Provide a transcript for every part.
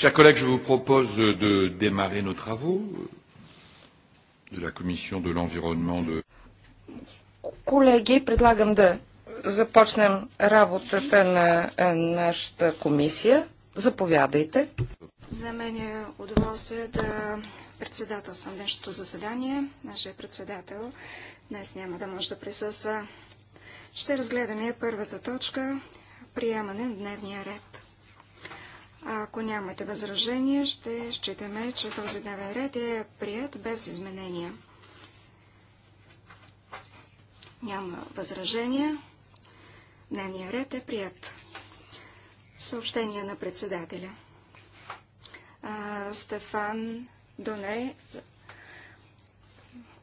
Chers collègues, je vous propose de démarrer nos travaux euh, de la Commission de l'environnement de... Колеги, предлагам да започнем работата на е, нашата комисия. Заповядайте. За мен е удоволствие да председателствам днешното заседание. Нашия председател днес няма да може да присъства. Ще разгледаме първата точка – приемане на дневния ред. Ако нямате възражение, ще считаме, че този дневен ред е прият без изменения. Няма възражения. Дневният ред е прият. Съобщение на председателя. А, Стефан Доне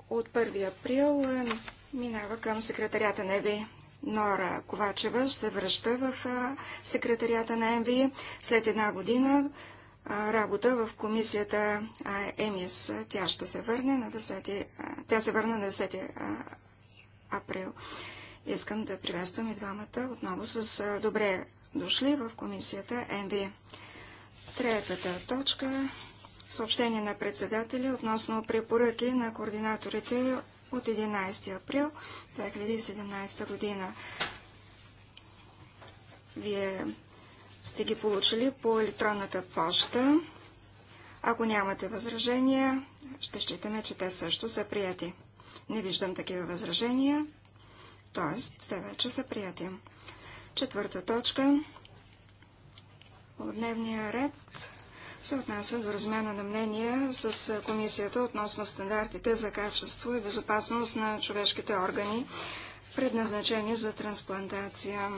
от 1 април е, минава към секретарята на ЕБИ. Нора Ковачева се връща в секретарията на МВИ след една година работа в комисията ЕМИС. Тя ще се върне на 10... Тя се върна на 10 април. Искам да приветствам и двамата отново с добре дошли в комисията МВИ. Третата точка съобщение на председатели относно препоръки на координаторите от 11 април 2017 година. Вие сте ги получили по електронната почта. Ако нямате възражения, ще считаме, че те също са прияти. Не виждам такива възражения, т.е. те вече са прияти. Четвърта точка от дневния ред се отнася до размена на мнения с комисията относно стандартите за качество и безопасност на човешките органи, предназначени за трансплантация.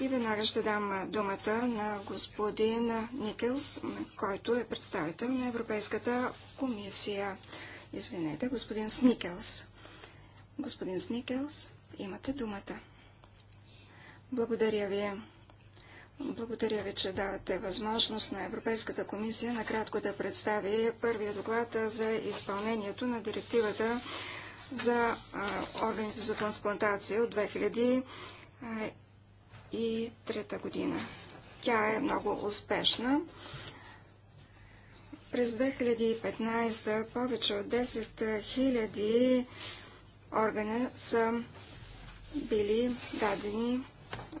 И веднага ще дам думата на господин Никелс, който е представител на Европейската комисия. Извинете, господин Сникелс. Господин Сникелс, имате думата. Благодаря ви. Благодаря ви, че давате възможност на Европейската комисия накратко да представи първия доклад за изпълнението на директивата за органите за трансплантация от 2003 година. Тя е много успешна. През 2015 повече от 10 000 органа са били дадени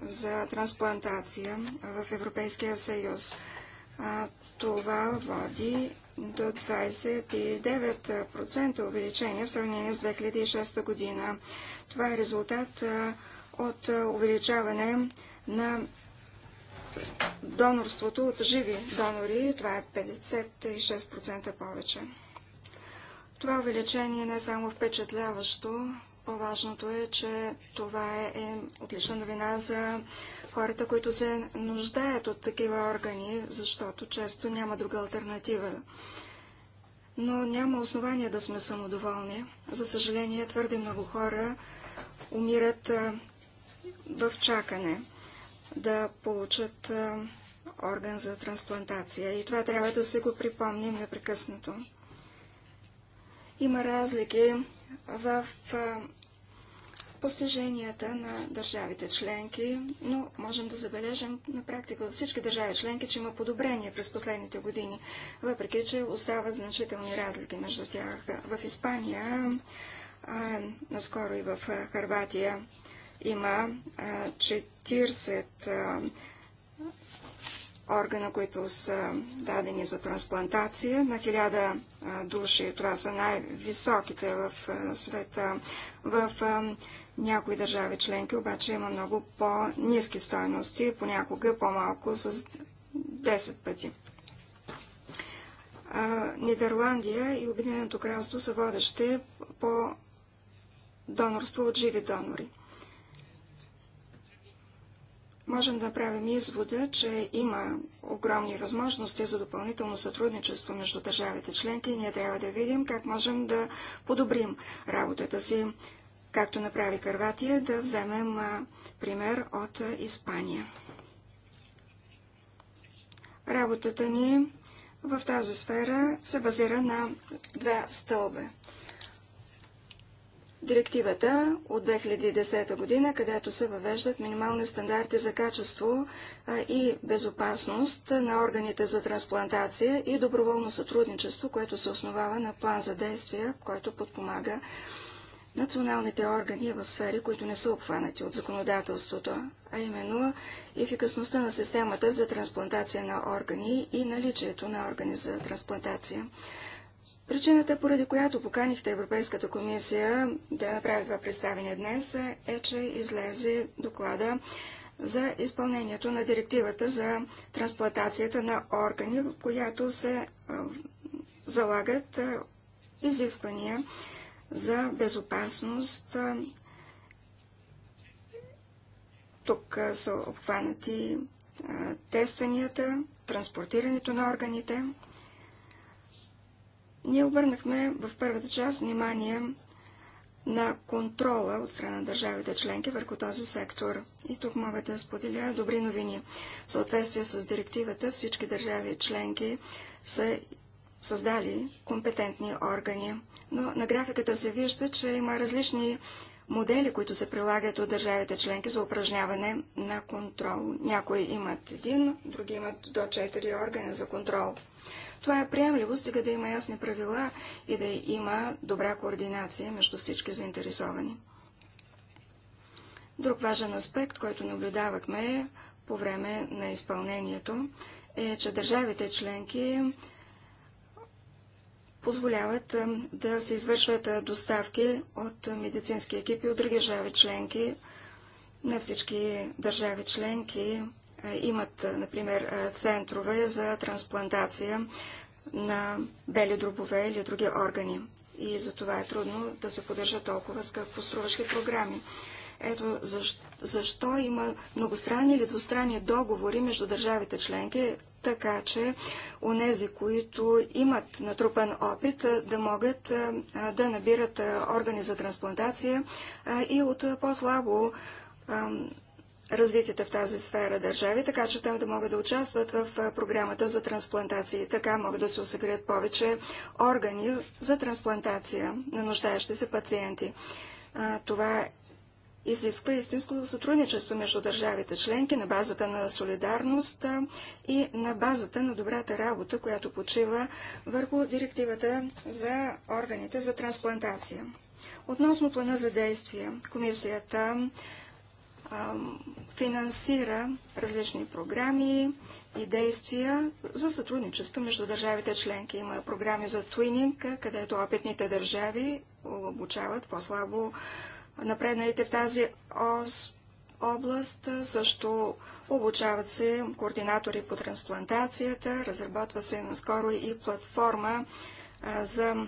за трансплантация в Европейския съюз. това води до 29% увеличение в сравнение с 2006 година. Това е резултат от увеличаване на донорството от живи донори. Това е 56% повече. Това увеличение не е само впечатляващо, по-важното е, че това е, е отлична новина за хората, които се нуждаят от такива органи, защото често няма друга альтернатива. Но няма основания да сме самодоволни. За съжаление, твърде много хора умират в чакане да получат орган за трансплантация. И това трябва да се го припомним непрекъснато. Има разлики в постиженията на държавите членки, но можем да забележим на практика във всички държави членки, че има подобрение през последните години, въпреки че остават значителни разлики между тях. В Испания, а, наскоро и в Харватия има а, 40 органа, които са дадени за трансплантация. На хиляда души това са най-високите в света. В някои държави членки обаче има много по-низки стойности, понякога по-малко с 10 пъти. Нидерландия и Обединеното кралство са водещи по донорство от живи донори можем да правим извода, че има огромни възможности за допълнително сътрудничество между държавите членки и ние трябва да видим как можем да подобрим работата си, както направи Карватия, да вземем пример от Испания. Работата ни в тази сфера се базира на две стълбе – директивата от 2010 година, където се въвеждат минимални стандарти за качество и безопасност на органите за трансплантация и доброволно сътрудничество, което се основава на план за действия, който подпомага националните органи в сфери, които не са обхванати от законодателството, а именно ефикасността на системата за трансплантация на органи и наличието на органи за трансплантация. Причината, поради която поканихте Европейската комисия да направи това представение днес, е, че излезе доклада за изпълнението на директивата за трансплантацията на органи, в която се залагат изисквания за безопасност. Тук са обхванати тестванията, транспортирането на органите. Ние обърнахме в първата част внимание на контрола от страна на държавите членки върху този сектор. И тук мога да споделя добри новини. В съответствие с директивата всички държави членки са създали компетентни органи. Но на графиката се вижда, че има различни модели, които се прилагат от държавите членки за упражняване на контрол. Някои имат един, други имат до 4 органа за контрол. Това е приемливо, стига да има ясни правила и да има добра координация между всички заинтересовани. Друг важен аспект, който наблюдавахме по време на изпълнението, е, че държавите членки позволяват да се извършват е, доставки от медицински екипи от други държави членки на всички държави членки е, имат, е, например, е, центрове за трансплантация на бели дробове или други органи. И за това е трудно да се поддържа толкова скъпоструващи програми. Ето защо, защо има многостранни или двустранни договори между държавите членки, така че онези, които имат натрупан опит, да могат да набират органи за трансплантация и от по-слабо развитите в тази сфера държави, така че там да могат да участват в програмата за трансплантации. Така могат да се осигурят повече органи за трансплантация на нуждаещи се пациенти. Това изисква истинско сътрудничество между държавите членки на базата на солидарност и на базата на добрата работа, която почива върху директивата за органите за трансплантация. Относно плана за действие, комисията финансира различни програми и действия за сътрудничество между държавите членки. Има програми за твининг, където опитните държави обучават по-слабо напредналите в тази ос област. Също обучават се координатори по трансплантацията. Разработва се наскоро и платформа за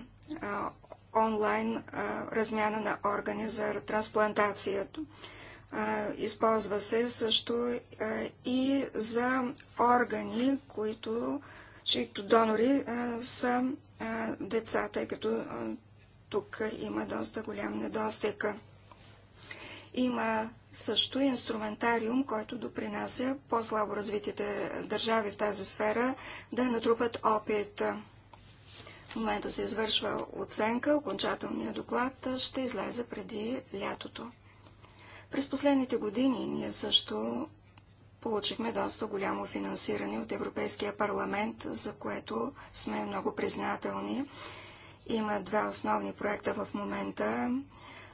онлайн размяна на органи за трансплантацията. Използва се също и за органи, които, чието донори са деца, тъй като тук има доста голям недостиг. Има също инструментариум, който допринася по-слабо развитите държави в тази сфера да натрупат опит. В момента се извършва оценка, окончателният доклад ще излезе преди лятото. През последните години ние също получихме доста голямо финансиране от Европейския парламент, за което сме много признателни. Има два основни проекта в момента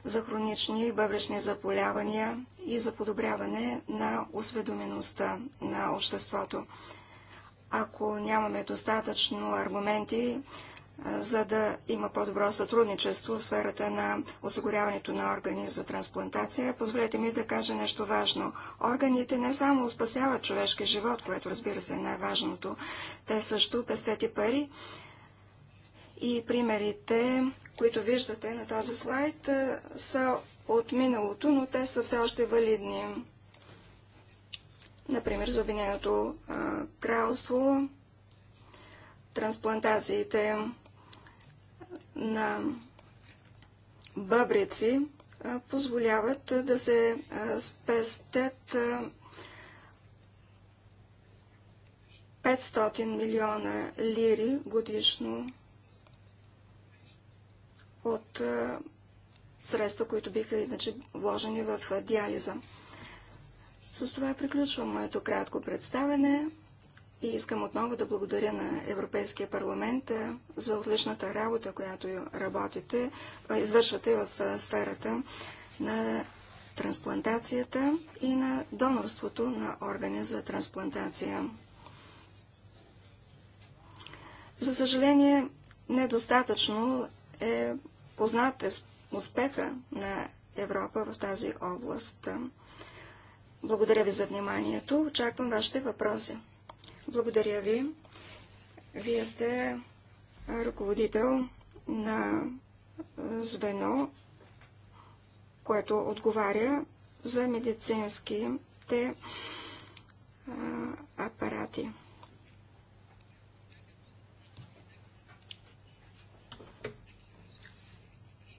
за хронични и бъбречни заболявания и за подобряване на осведомеността на обществото. Ако нямаме достатъчно аргументи за да има по-добро сътрудничество в сферата на осигуряването на органи за трансплантация. Позволете ми да кажа нещо важно. Органите не само спасяват човешки живот, което разбира се е най-важното, те също пестят и пари. И примерите, които виждате на този слайд, са от миналото, но те са все още валидни. Например, за Обединеното кралство трансплантациите на бъбреци позволяват да се спестят 500 милиона лири годишно от средства, които биха иначе вложени в диализа. С това приключвам моето кратко представене. И искам отново да благодаря на Европейския парламент за отличната работа, която работите, извършвате в сферата на трансплантацията и на донорството на органи за трансплантация. За съжаление, недостатъчно е познат е успеха на Европа в тази област. Благодаря ви за вниманието. Очаквам вашите въпроси. Благодаря ви. Вие сте ръководител на звено, което отговаря за медицинските апарати.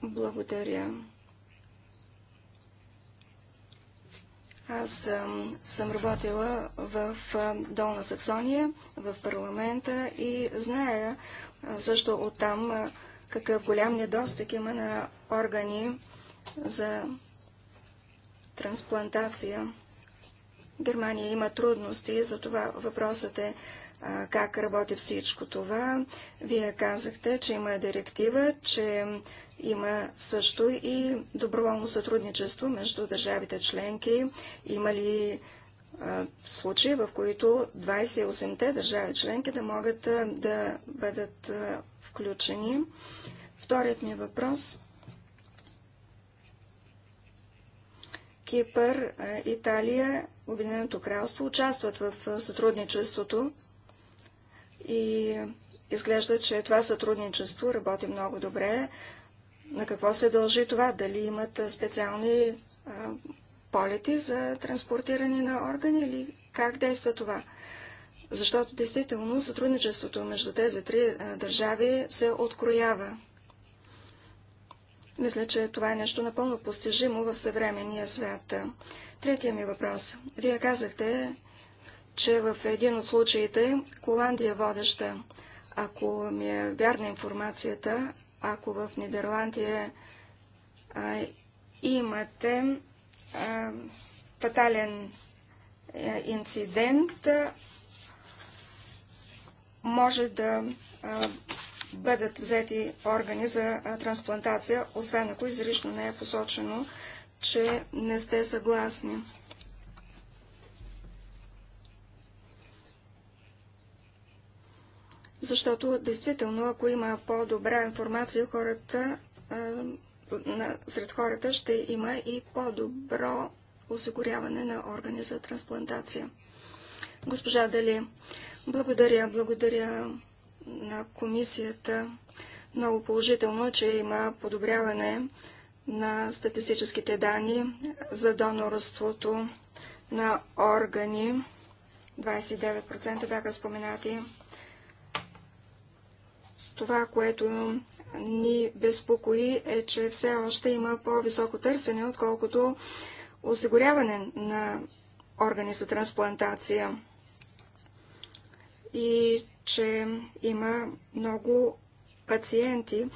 Благодаря. Аз ам, съм работила в ам, Долна Саксония, в парламента и зная а, също оттам а, какъв голям недостиг има на органи за трансплантация. Германия има трудности, затова въпросът е как работи всичко това. Вие казахте, че има директива, че има също и доброволно сътрудничество между държавите членки. Има ли случаи, в които 28-те държави членки да могат да бъдат включени? Вторият ми въпрос. Кипър, Италия, Обединеното кралство участват в сътрудничеството и изглежда, че това сътрудничество работи много добре. На какво се дължи това? Дали имат специални а, полети за транспортиране на органи или как действа това? Защото действително сътрудничеството между тези три а, държави се откроява. Мисля, че това е нещо напълно постижимо в съвременния свят. Третия ми въпрос. Вие казахте, че в един от случаите Холандия е водеща. Ако ми е вярна информацията, ако в Нидерландия а, имате а, фатален а, е, инцидент, а, може да а, бъдат взети органи за а, трансплантация, освен ако изрично не е посочено, че не сте съгласни. защото действително, ако има по-добра информация, хората, сред хората ще има и по-добро осигуряване на органи за трансплантация. Госпожа Дали, благодаря, благодаря на комисията. Много положително, че има подобряване на статистическите данни за донорството на органи. 29% бяха споменати. Това, което ни безпокои е, че все още има по-високо търсене, отколкото осигуряване на органи за трансплантация и че има много пациенти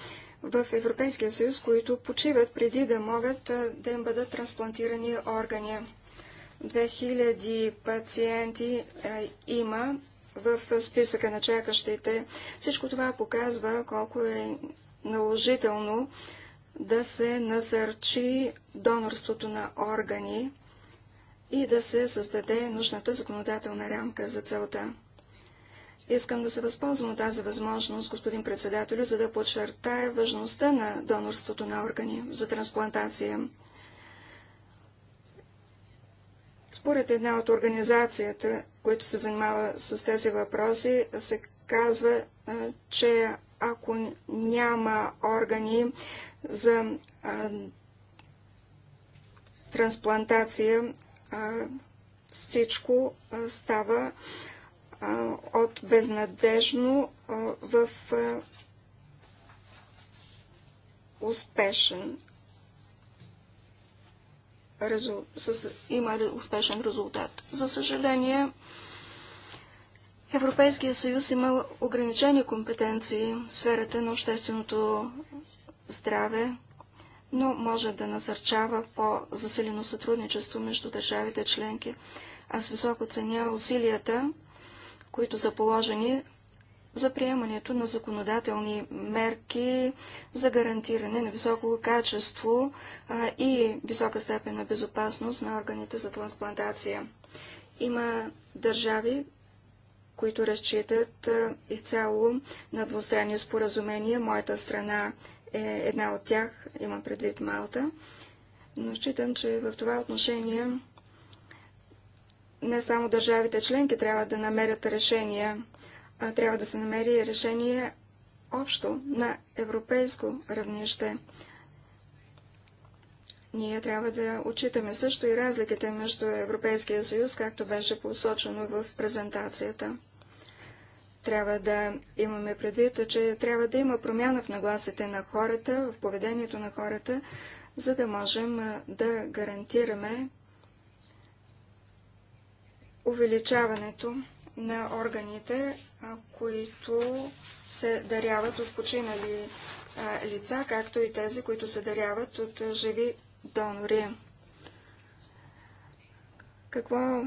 в Европейския съюз, които почиват преди да могат да им бъдат трансплантирани органи. 2000 пациенти има в списъка на чакащите. Всичко това показва колко е наложително да се насърчи донорството на органи и да се създаде нужната законодателна рамка за целта. Искам да се възползвам от тази възможност, господин председател, за да подчертая важността на донорството на органи за трансплантация. Според една от организацията, която се занимава с тези въпроси, се казва, е, че ако няма органи за а, е, трансплантация, а, е, всичко а, става от безнадежно в успешен резул... с... има успешен резултат. За съжаление, Европейския съюз има ограничени компетенции в сферата на общественото здраве, но може да насърчава по-засилено сътрудничество между държавите членки. Аз високо ценя усилията, които са положени за приемането на законодателни мерки за гарантиране на високо качество и висока степен на безопасност на органите за трансплантация. Има държави, които разчитат изцяло на двустранни споразумения. Моята страна е една от тях, имам предвид Малта, но считам, че в това отношение не само държавите членки трябва да намерят решения, трябва да се намери решение общо на европейско равнище. Ние трябва да отчитаме също и разликите между Европейския съюз, както беше посочено в презентацията. Трябва да имаме предвид, че трябва да има промяна в нагласите на хората, в поведението на хората, за да можем да гарантираме увеличаването на органите, които се даряват от починали лица, както и тези, които се даряват от живи донори. Какво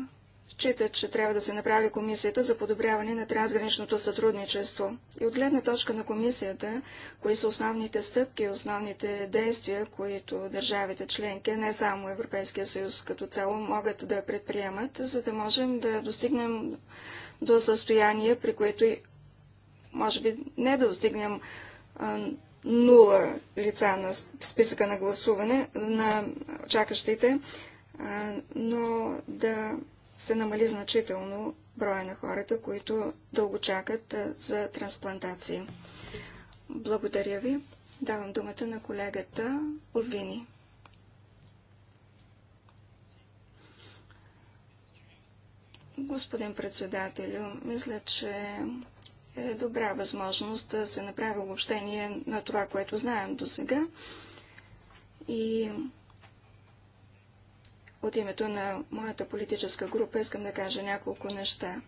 считат, че трябва да се направи комисията за подобряване на трансграничното сътрудничество. И от гледна точка на комисията, кои са основните стъпки, основните действия, които държавите членки, не само Европейския съюз като цяло, могат да предприемат, за да можем да достигнем до състояние, при което може би не да достигнем нула лица на списъка на гласуване на чакащите, но да се намали значително броя на хората, които дълго чакат за трансплантации. Благодаря ви. Давам думата на колегата Олвини. Господин председателю, мисля, че е добра възможност да се направи обобщение на това, което знаем до сега и от името на моята политическа група искам да кажа няколко неща.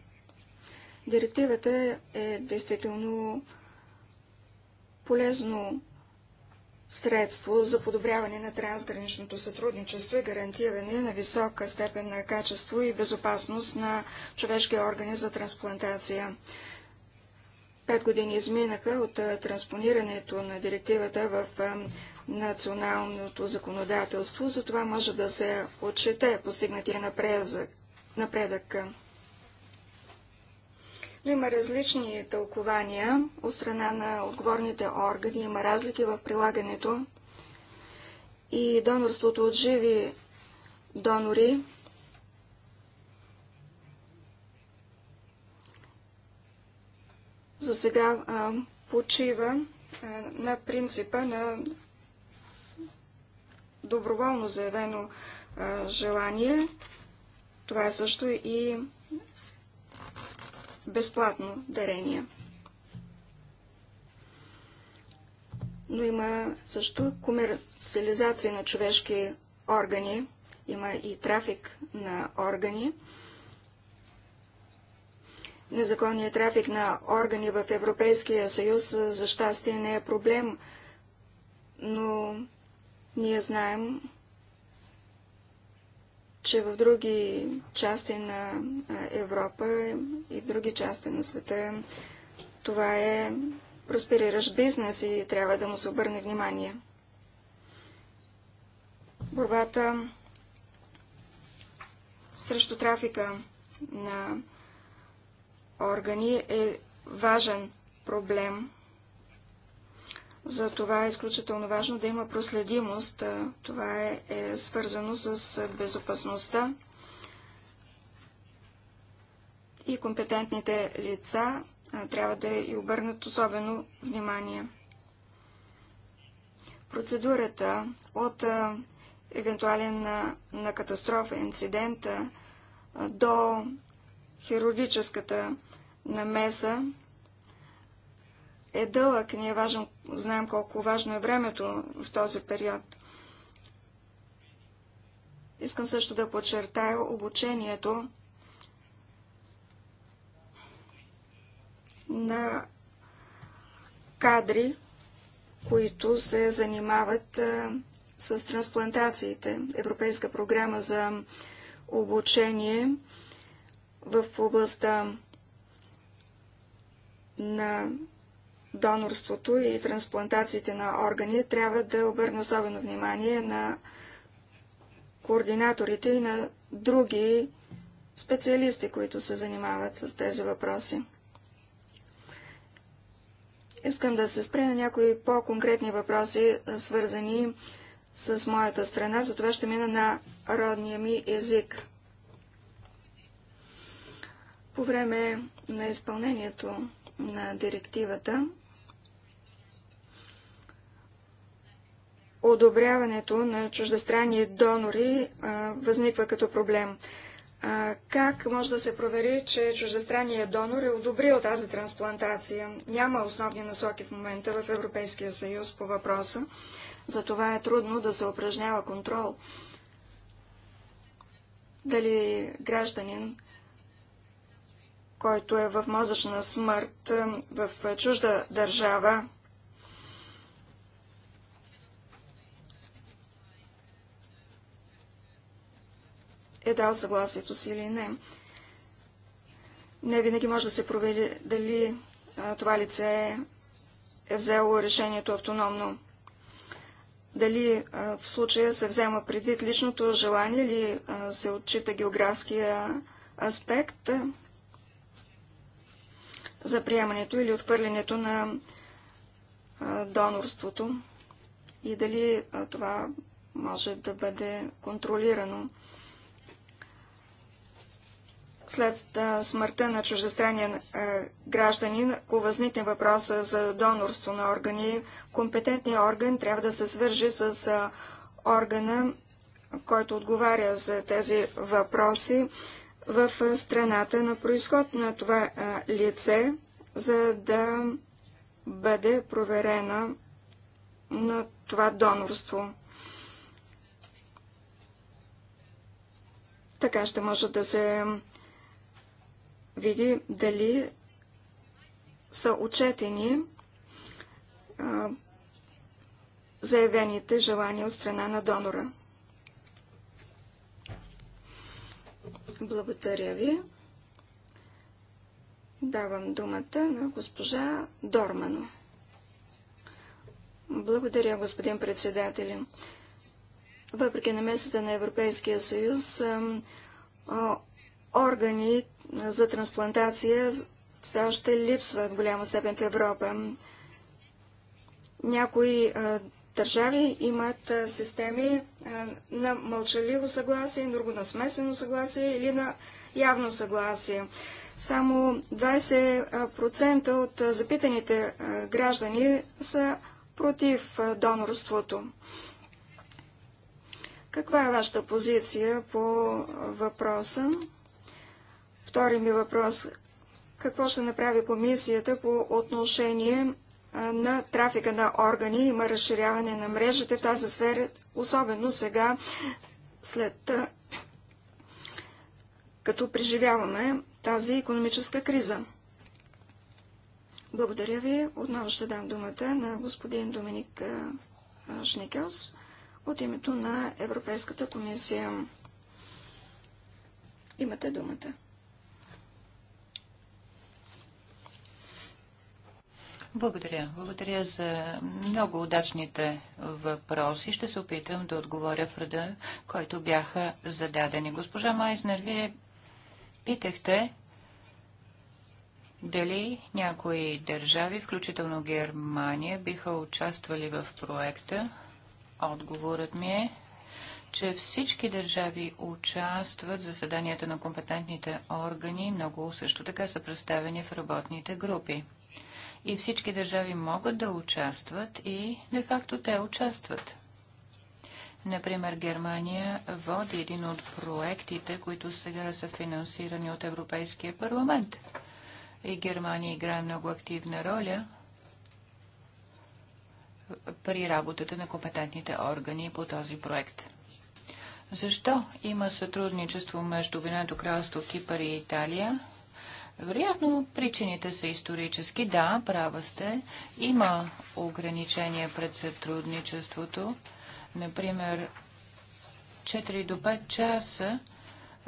Директивата е действително полезно средство за подобряване на трансграничното сътрудничество и гарантиране на висока степен на качество и безопасност на човешки органи за трансплантация. Пет години изминаха от транспонирането на директивата в националното законодателство, за това може да се отчете постигнатия напредък. Но има различни тълкования от страна на отговорните органи, има разлики в прилагането и донорството от живи донори за сега а, почива а, на принципа на доброволно заявено желание. Това е също и безплатно дарение. Но има също комерциализация на човешки органи, има и трафик на органи. Незаконният трафик на органи в Европейския съюз за щастие не е проблем, но ние знаем, че в други части на Европа и в други части на света това е проспериращ бизнес и трябва да му се обърне внимание. Борбата срещу трафика на органи е важен проблем. За това е изключително важно да има проследимост. Това е, е свързано с безопасността и компетентните лица трябва да и обърнат особено внимание. Процедурата от евентуален на, на катастрофа, инцидента до хирургическата намеса е дълъг. Ние важен, знаем колко важно е времето в този период. Искам също да подчертая обучението на кадри, които се занимават а, с трансплантациите. Европейска програма за обучение в областта на донорството и трансплантациите на органи, трябва да обърне особено внимание на координаторите и на други специалисти, които се занимават с тези въпроси. Искам да се спре на някои по-конкретни въпроси, свързани с моята страна, затова ще мина на родния ми език. По време на изпълнението на директивата одобряването на чуждестранни донори а, възниква като проблем. А, как може да се провери, че чуждестранният донор е одобрил тази трансплантация? Няма основни насоки в момента в Европейския съюз по въпроса. това е трудно да се упражнява контрол. Дали гражданин, който е в мозъчна смърт в чужда държава, е дал съгласието си или не. Не винаги може да се провери дали това лице е взело решението автономно. Дали в случая се взема предвид личното желание или се отчита географския аспект за приемането или отхвърлянето на донорството и дали това може да бъде контролирано след смъртта на чуждестранен гражданин, ако възникне въпроса за донорство на органи, компетентният орган трябва да се свържи с органа, който отговаря за тези въпроси в страната на происход на това лице, за да бъде проверена на това донорство. Така ще може да се види дали са отчетени заявените желания от страна на донора. Благодаря ви. Давам думата на госпожа Дормано. Благодаря, господин председател. Въпреки намесата на Европейския съюз, органите. органи за трансплантация все още липсва в голяма степен в Европа. Някои държави имат системи на мълчаливо съгласие, друго на смесено съгласие или на явно съгласие. Само 20% от запитаните граждани са против донорството. Каква е вашата позиция по въпроса? Втори ми въпрос. Какво ще направи комисията по отношение на трафика на органи? Има разширяване на мрежите в тази сфера, особено сега, след като преживяваме тази економическа криза. Благодаря ви. Отново ще дам думата на господин Доминик Шникелс от името на Европейската комисия. Имате думата. Благодаря. Благодаря за много удачните въпроси. Ще се опитам да отговоря в ръда, който бяха зададени. Госпожа Майзнер, вие питахте дали някои държави, включително Германия, биха участвали в проекта. Отговорът ми е, че всички държави участват в заседанията на компетентните органи, много също така са представени в работните групи и всички държави могат да участват и де-факто те участват. Например, Германия води един от проектите, които сега са финансирани от Европейския парламент. И Германия играе много активна роля при работата на компетентните органи по този проект. Защо има сътрудничество между Винето кралство Кипър и Италия? Вероятно причините са исторически. Да, права сте. Има ограничения пред сътрудничеството. Например, 4 до 5 часа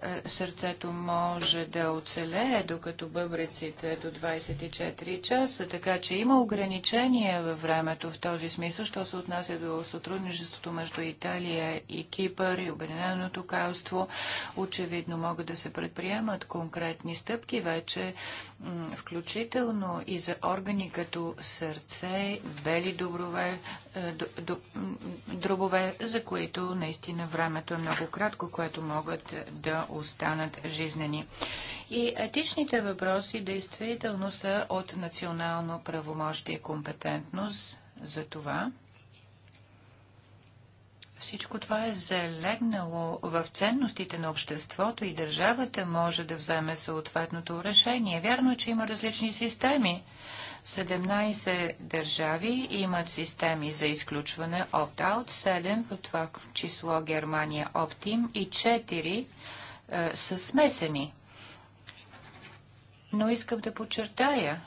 е, сърцето може да оцелее, докато бъбреците до 24 часа, така че има ограничения във времето в този смисъл, що се отнася до сътрудничеството между Италия и Кипър и Обединеното кралство. Очевидно могат да се предприемат конкретни стъпки вече, включително и за органи като сърце, бели доброве, е, дробове, за които наистина времето е много кратко, което могат да останат жизнени. И етичните въпроси действително са от национално правомощие и компетентност за това. Всичко това е залегнало в ценностите на обществото и държавата може да вземе съответното решение. Вярно е, че има различни системи 17 държави имат системи за изключване opt-out, 7 по това число Германия Оптим, и 4 е, са смесени. Но искам да подчертая,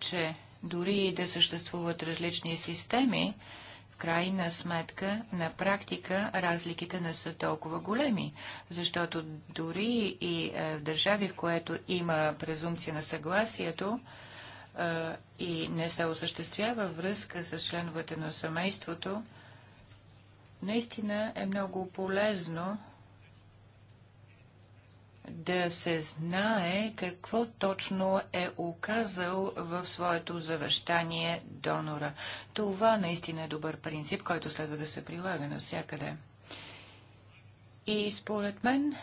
че дори и да съществуват различни системи, в крайна сметка, на практика, разликите не са толкова големи, защото дори и е, в държави, в което има презумпция на съгласието, и не се осъществява връзка с членовете на семейството, наистина е много полезно да се знае какво точно е оказал в своето завещание донора. Това наистина е добър принцип, който следва да се прилага навсякъде. И според мен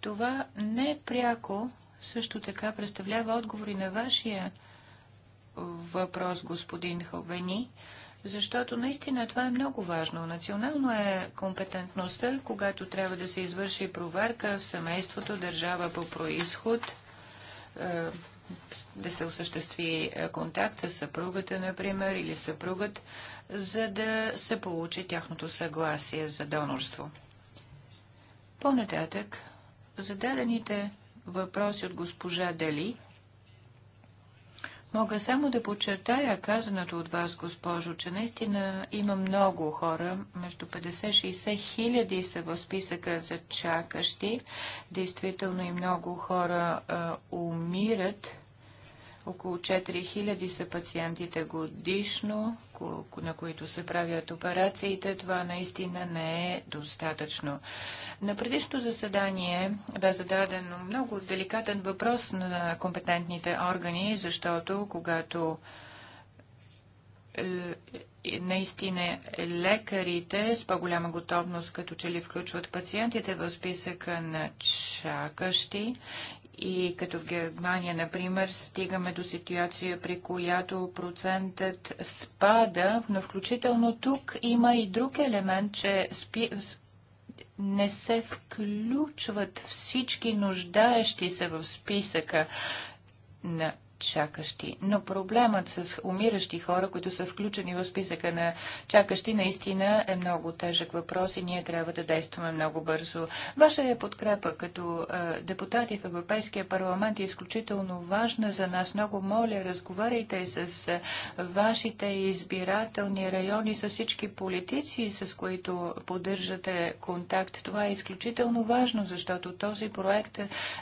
това не пряко, също така представлява отговори на вашия въпрос, господин Ховени, защото наистина това е много важно. Национално е компетентността, когато трябва да се извърши проверка в семейството, държава по происход, е, да се осъществи е, контакт с съпругата, например, или съпругът, за да се получи тяхното съгласие за донорство. По-нататък, зададените въпроси от госпожа Дали – Мога само да подчертая казаното от вас, госпожо, че наистина има много хора, между 50-60 хиляди са в списъка за чакащи. Действително и много хора а, умират. Около 4000 са пациентите годишно на които се правят операциите, това наистина не е достатъчно. На предишното заседание бе зададен много деликатен въпрос на компетентните органи, защото когато е, е, наистина лекарите с по-голяма готовност като че ли включват пациентите в списъка на чакащи и като в Германия, например, стигаме до ситуация, при която процентът спада, но включително тук има и друг елемент, че спи... не се включват всички нуждаещи се в списъка на чакащи. Но проблемът с умиращи хора, които са включени в списъка на чакащи, наистина е много тежък въпрос и ние трябва да действаме много бързо. Ваша е подкрепа като е, депутати в Европейския парламент е изключително важна за нас. Много моля, разговаряйте с вашите избирателни райони, с всички политици, с които поддържате контакт. Това е изключително важно, защото този проект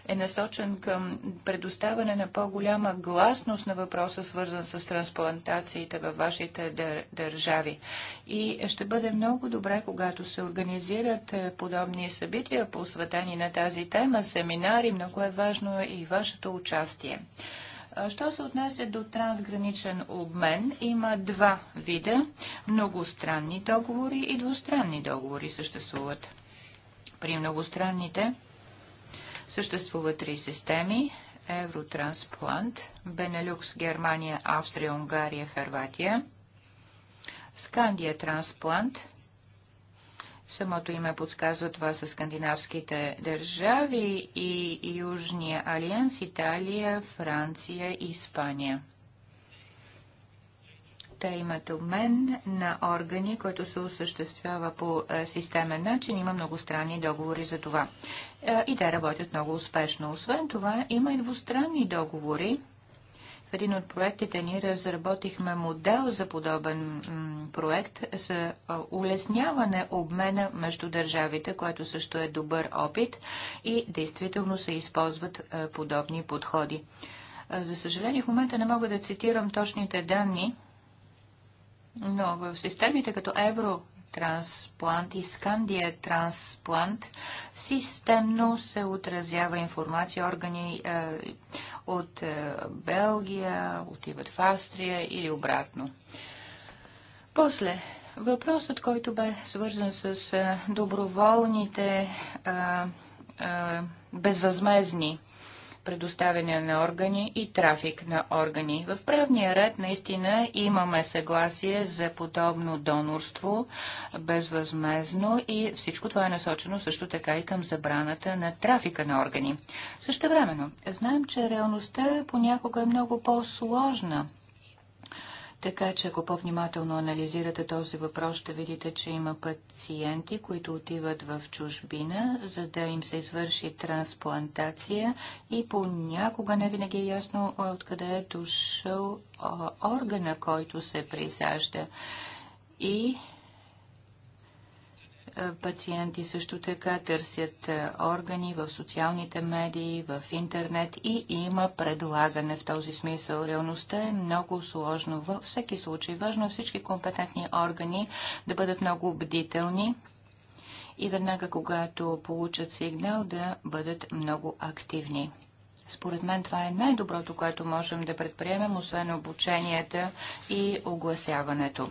е насочен към предоставяне на по-голяма гласност на въпроса, свързан с трансплантациите във вашите дър държави. И ще бъде много добре, когато се организират е, подобни събития, посветени на тази тема, семинари. Много е важно и вашето участие. Що се отнася до трансграничен обмен, има два вида. Многостранни договори и двустранни договори съществуват. При многостранните съществуват три системи Евротрансплант, Бенелюкс, Германия, Австрия, Унгария, Харватия, Скандия Трансплант, самото име подсказва това са скандинавските държави и Южния алианс, Италия, Франция и Испания. Те имат обмен на органи, който се осъществява по е, системен начин. Има много странни договори за това. Е, и те работят много успешно. Освен това, има и двустранни договори. В един от проектите ни разработихме модел за подобен проект за е, улесняване обмена между държавите, което също е добър опит и действително се използват подобни подходи. За съжаление, в момента не мога да цитирам точните данни, но в системите като Евротрансплант и Скандия трансплант системно се отразява информация. Органи е, от е, Белгия отиват в Австрия или обратно. После, въпросът, който бе свързан с е, доброволните е, е безвъзмезни предоставяне на органи и трафик на органи. В правния ред наистина имаме съгласие за подобно донорство безвъзмезно и всичко това е насочено също така и към забраната на трафика на органи. Също времено, знаем, че реалността понякога е много по-сложна така че, ако по-внимателно анализирате този въпрос, ще видите, че има пациенти, които отиват в чужбина, за да им се извърши трансплантация и понякога не винаги е ясно е откъде е дошъл органа, който се присажда. И е, пациенти също така търсят е, органи в социалните медии, в интернет и има предлагане в този смисъл. Реалността е много сложно във всеки случай. Важно е всички компетентни органи да бъдат много бдителни и веднага, когато получат сигнал, да бъдат много активни. Според мен това е най-доброто, което можем да предприемем, освен обученията и огласяването.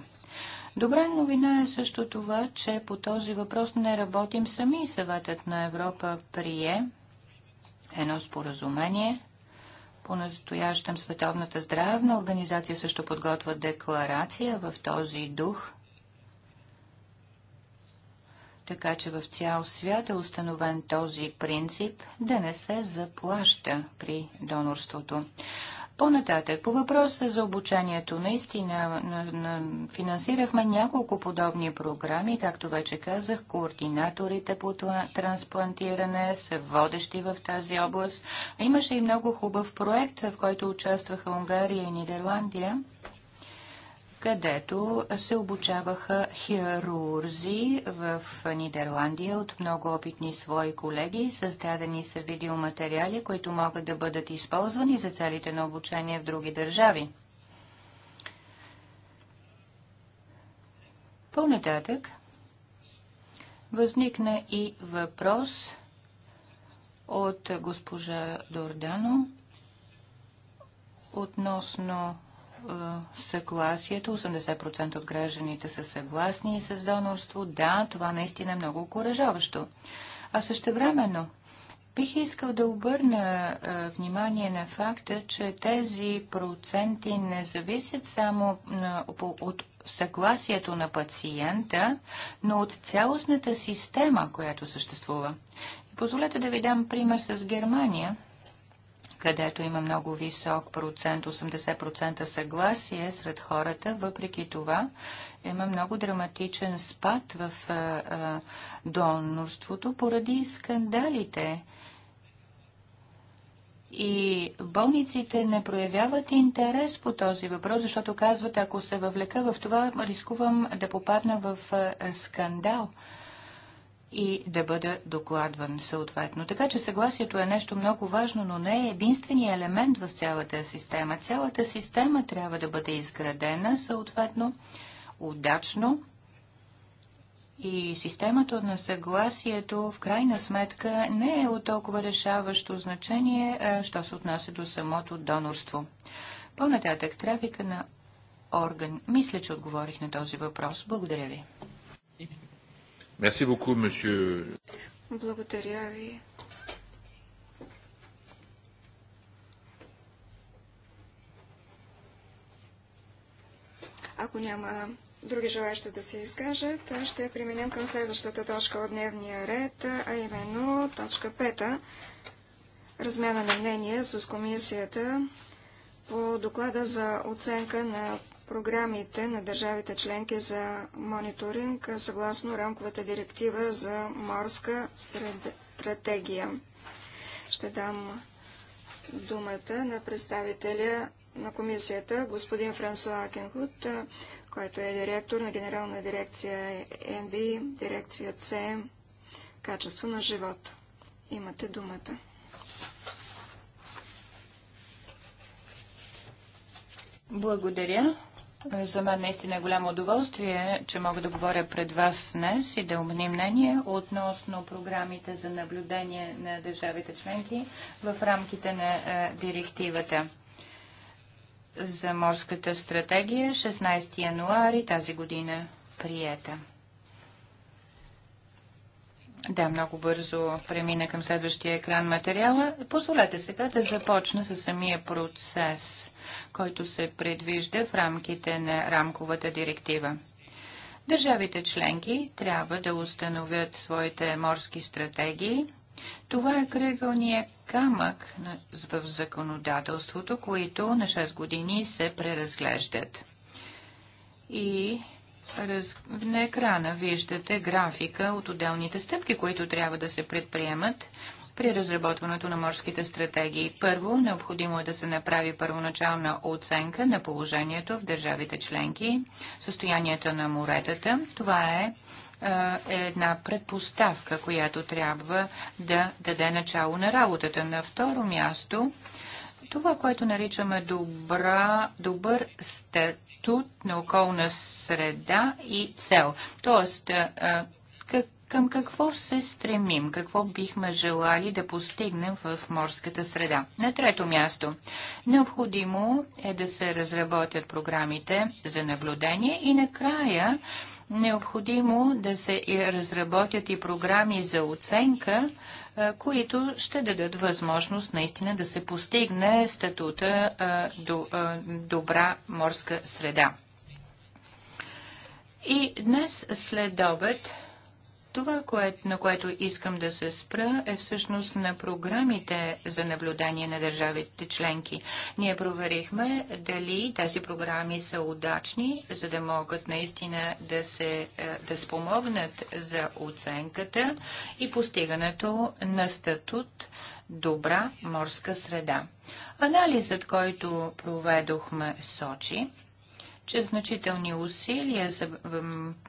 Добра новина е също това, че по този въпрос не работим сами. Съветът на Европа прие едно споразумение. По-настоящем Световната здравна организация също подготвя декларация в този дух. Така че в цял свят е установен този принцип да не се заплаща при донорството. По-нататък, по въпроса за обучението, наистина на, на, финансирахме няколко подобни програми, както вече казах, координаторите по трансплантиране са водещи в тази област. Имаше и много хубав проект, в който участваха Унгария и Нидерландия където се обучаваха хирурзи в Нидерландия от много опитни свои колеги. Създадени са видеоматериали, които могат да бъдат използвани за целите на обучение в други държави. По-нататък възникна и въпрос от госпожа Дордано относно е, съгласието. 80% от гражданите са съгласни с донорство. Да, това наистина е много окоръжаващо. А същевременно бих искал да обърна е, внимание на факта, че тези проценти не зависят само е, от съгласието на пациента, но от цялостната система, която съществува. И позволете да ви дам пример с Германия – където има много висок процент, 80% съгласие сред хората. Въпреки това има много драматичен спад в а, а, донорството поради скандалите. И болниците не проявяват интерес по този въпрос, защото казват, ако се въвлека в това, рискувам да попадна в скандал и да бъде докладван съответно. Така че съгласието е нещо много важно, но не е единствения елемент в цялата система. Цялата система трябва да бъде изградена съответно удачно и системата на съгласието в крайна сметка не е от толкова решаващо значение, що се отнася до самото донорство. По-нататък трафика на орган. Мисля, че отговорих на този въпрос. Благодаря ви. Merci beaucoup, monsieur. Благодаря ви. Ако няма други желаящи да се изкажат, ще преминем към следващата точка от дневния ред, а именно точка 5. Размяна на мнение с комисията по доклада за оценка на програмите на държавите членки за мониторинг съгласно рамковата директива за морска стратегия. Ще дам думата на представителя на комисията, господин Франсуа Акенхут, който е директор на генерална дирекция НБ, дирекция С, качество на живот. Имате думата. Благодаря. За мен наистина е голямо удоволствие, че мога да говоря пред вас днес и да обменим мнение относно програмите за наблюдение на държавите членки в рамките на е, директивата за морската стратегия 16 януари тази година приета. Да, много бързо премина към следващия екран материала. Позволете сега да започна с самия процес който се предвижда в рамките на рамковата директива. Държавите членки трябва да установят своите морски стратегии. Това е кръгълния камък в законодателството, които на 6 години се преразглеждат. И на екрана виждате графика от отделните стъпки, които трябва да се предприемат при разработването на морските стратегии. Първо, необходимо е да се направи първоначална оценка на положението в държавите членки, състоянието на моретата. Това е е една предпоставка, която трябва да даде начало на работата. На второ място, това, което наричаме добра, добър статут на околна среда и цел. Тоест, е, към какво се стремим? Какво бихме желали да постигнем в морската среда? На трето място. Необходимо е да се разработят програмите за наблюдение и накрая необходимо да се и разработят и програми за оценка, които ще дадат възможност наистина да се постигне статута до, добра морска среда. И днес след обед това, на което искам да се спра, е всъщност на програмите за наблюдение на държавите членки. Ние проверихме дали тези програми са удачни, за да могат наистина да, се, е, да спомогнат за оценката и постигането на статут добра морска среда. Анализът, който проведохме, в сочи, че значителни усилия са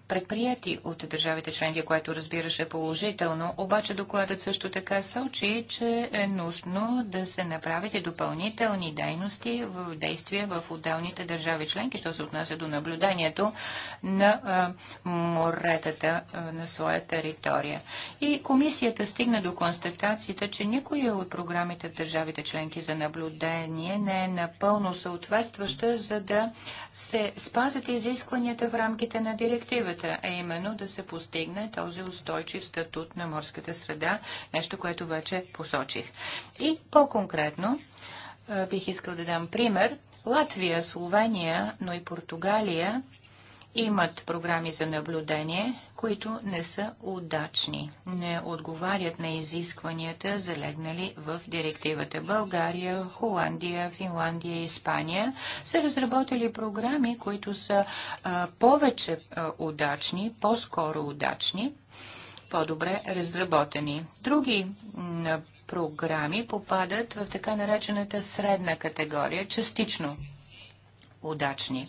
предприяти от държавите членки, което разбираше положително, обаче докладът също така сочи, че е нужно да се направят и допълнителни дейности в действия в отделните държави членки, що се отнася до наблюдението на моретата на своя територия. И комисията стигна до констатацията, че никоя от програмите в държавите членки за наблюдение не е напълно съответстваща, за да се спазят изискванията в рамките на директивата, а именно да се постигне този устойчив статут на морската среда, нещо, което вече посочих. И по-конкретно бих искал да дам пример. Латвия, Словения, но и Португалия имат програми за наблюдение, които не са удачни, не отговарят на изискванията, залегнали в директивата. България, Холандия, Финландия, Испания са разработили програми, които са а, повече а, удачни, по-скоро удачни, по-добре разработени. Други програми попадат в така наречената средна категория, частично удачни.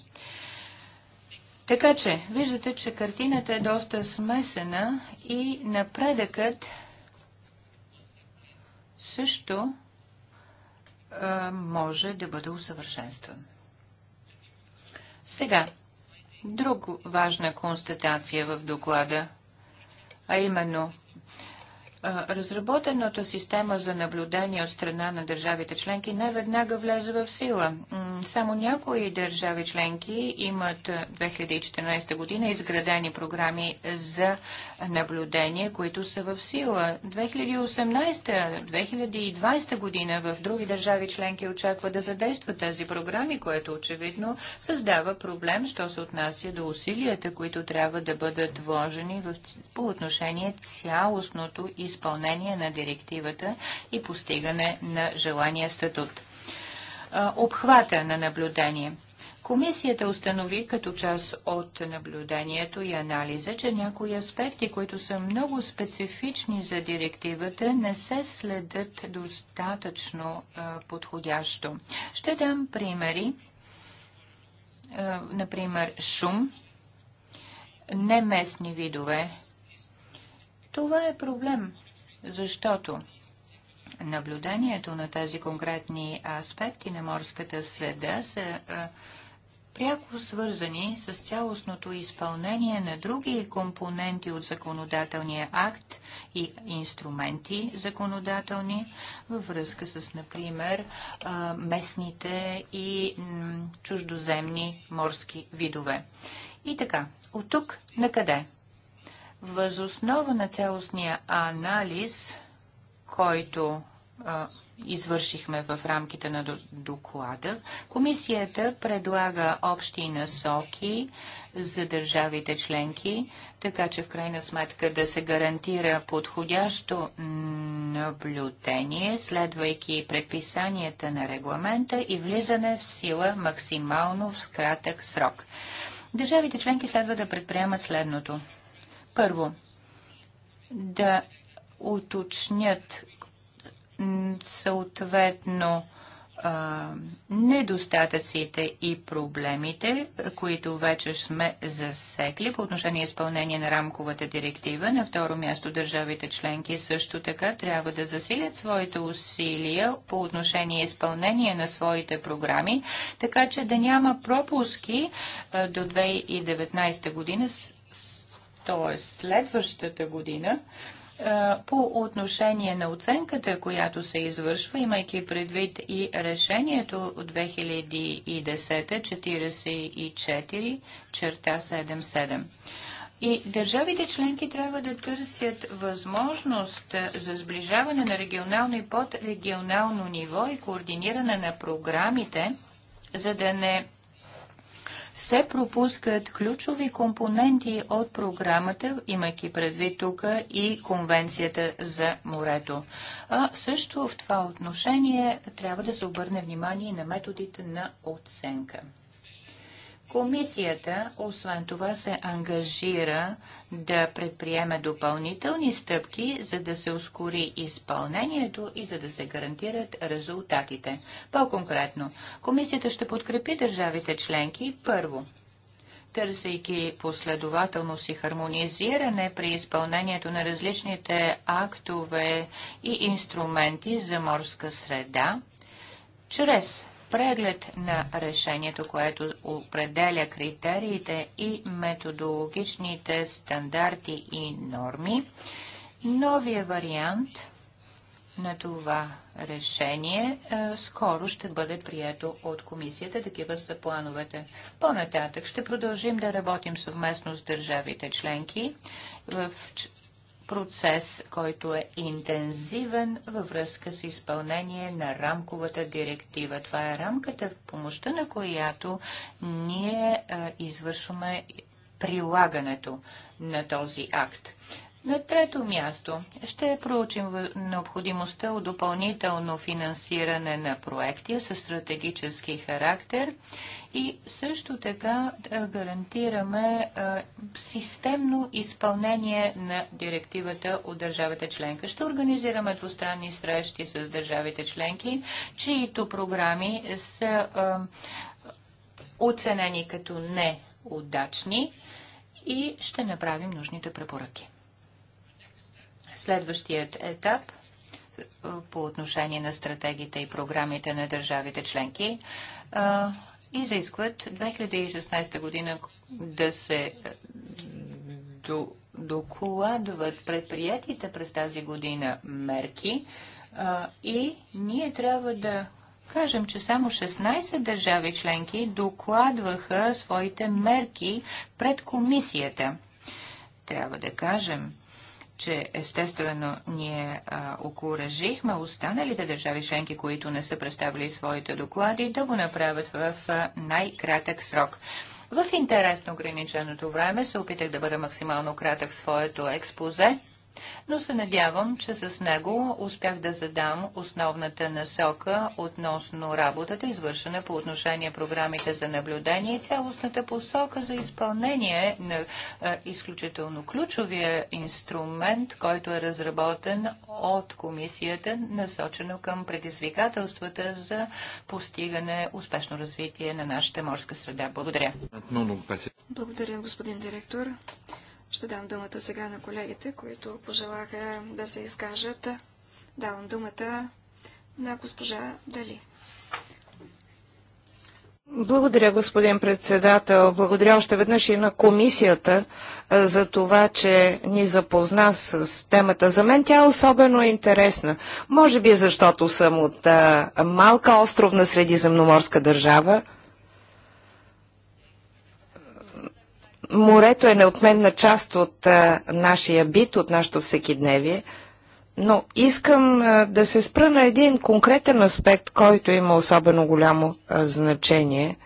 Така че, виждате, че картината е доста смесена и напредъкът също а, може да бъде усъвършенстван. Сега, друг важна констатация в доклада, а именно Разработената система за наблюдение от страна на държавите членки не веднага влезе в сила. Само някои държави членки имат 2014 година изградени програми за наблюдения, които са в сила. 2018-2020 година в други държави членки очаква да задействат тези програми, което очевидно създава проблем, що се отнася до усилията, които трябва да бъдат вложени в, по отношение цялостното изпълнение на директивата и постигане на желания статут. Обхвата на наблюдение. Комисията установи като част от наблюдението и анализа, че някои аспекти, които са много специфични за директивата, не се следят достатъчно подходящо. Ще дам примери. например, шум, неместни видове. Това е проблем, защото наблюдението на тези конкретни аспекти на морската следа са пряко свързани с цялостното изпълнение на други компоненти от законодателния акт и инструменти законодателни във връзка с, например, местните и чуждоземни морски видове. И така, от тук на къде? Възоснова на цялостния анализ, който извършихме в рамките на доклада. Комисията предлага общи насоки за държавите членки, така че в крайна сметка да се гарантира подходящо наблюдение, следвайки предписанията на регламента и влизане в сила максимално в кратък срок. Държавите членки следва да предприемат следното. Първо, да уточнят съответно недостатъците и проблемите, които вече сме засекли по отношение изпълнение на рамковата директива. На второ място държавите членки също така трябва да засилят своите усилия по отношение изпълнение на своите програми, така че да няма пропуски до 2019 година, т.е. следващата година, е, по отношение на оценката, която се извършва, имайки предвид и решението от 2010-44 черта 77. И държавите членки трябва да търсят възможност за сближаване на регионално и подрегионално ниво и координиране на програмите, за да не се пропускат ключови компоненти от програмата, имайки предвид тук и Конвенцията за морето. А също в това отношение трябва да се обърне внимание на методите на оценка. Комисията, освен това, се ангажира да предприеме допълнителни стъпки, за да се ускори изпълнението и за да се гарантират резултатите. По-конкретно, Комисията ще подкрепи държавите членки първо търсейки последователност и хармонизиране при изпълнението на различните актове и инструменти за морска среда, чрез преглед на решението, което определя критериите и методологичните стандарти и норми. Новия вариант на това решение е, скоро ще бъде прието от комисията. Такива са плановете. По-нататък ще продължим да работим съвместно с държавите членки в процес, който е интензивен във връзка с изпълнение на рамковата директива. Това е рамката, в помощта на която ние извършваме прилагането на този акт. На трето място ще проучим необходимостта от допълнително финансиране на проекти със стратегически характер и също така да гарантираме системно изпълнение на директивата от държавата членка. Ще организираме двустранни срещи с държавите членки, чието програми са оценени като неудачни и ще направим нужните препоръки. Следващият етап по отношение на стратегиите и програмите на държавите членки изискват 2016 година да се докладват предприятите през тази година мерки и ние трябва да кажем, че само 16 държави членки докладваха своите мерки пред комисията. Трябва да кажем, че естествено ние а, окоръжихме останалите държави членки, които не са представили своите доклади, да го направят в най-кратък срок. В интерес на ограниченото време се опитах да бъда максимално кратък в своето експозе. Но се надявам, че с него успях да задам основната насока относно работата, извършена по отношение програмите за наблюдение и цялостната посока за изпълнение на а, е, изключително ключовия инструмент, който е разработен от комисията, насочено към предизвикателствата за постигане успешно развитие на нашата морска среда. Благодаря. Благодаря, господин директор. Ще дам думата сега на колегите, които пожелаха да се изкажат. Давам думата на госпожа Дали. Благодаря, господин председател. Благодаря още веднъж и на комисията за това, че ни запозна с темата. За мен тя е особено интересна. Може би защото съм от малка островна средиземноморска държава, Морето е неотменна част от а, нашия бит, от нашето всекидневие, но искам а, да се спра на един конкретен аспект, който има особено голямо а, значение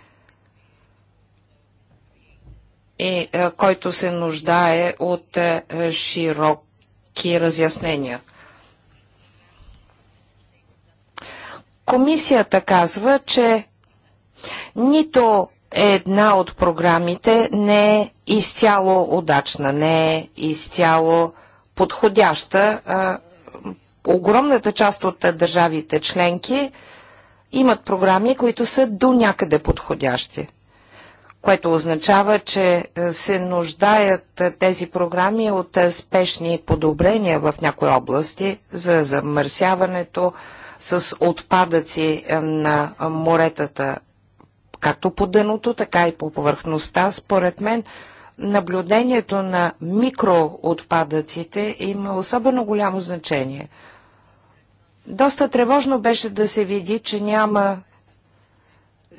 и а, който се нуждае от а, широки разяснения. Комисията казва, че нито една от програмите не е изцяло удачна, не е изцяло подходяща. А, огромната част от държавите членки имат програми, които са до някъде подходящи, което означава, че се нуждаят тези програми от спешни подобрения в някои области за замърсяването с отпадъци на моретата както по дъното, така и по повърхността. Според мен наблюдението на микроотпадъците има особено голямо значение. Доста тревожно беше да се види, че няма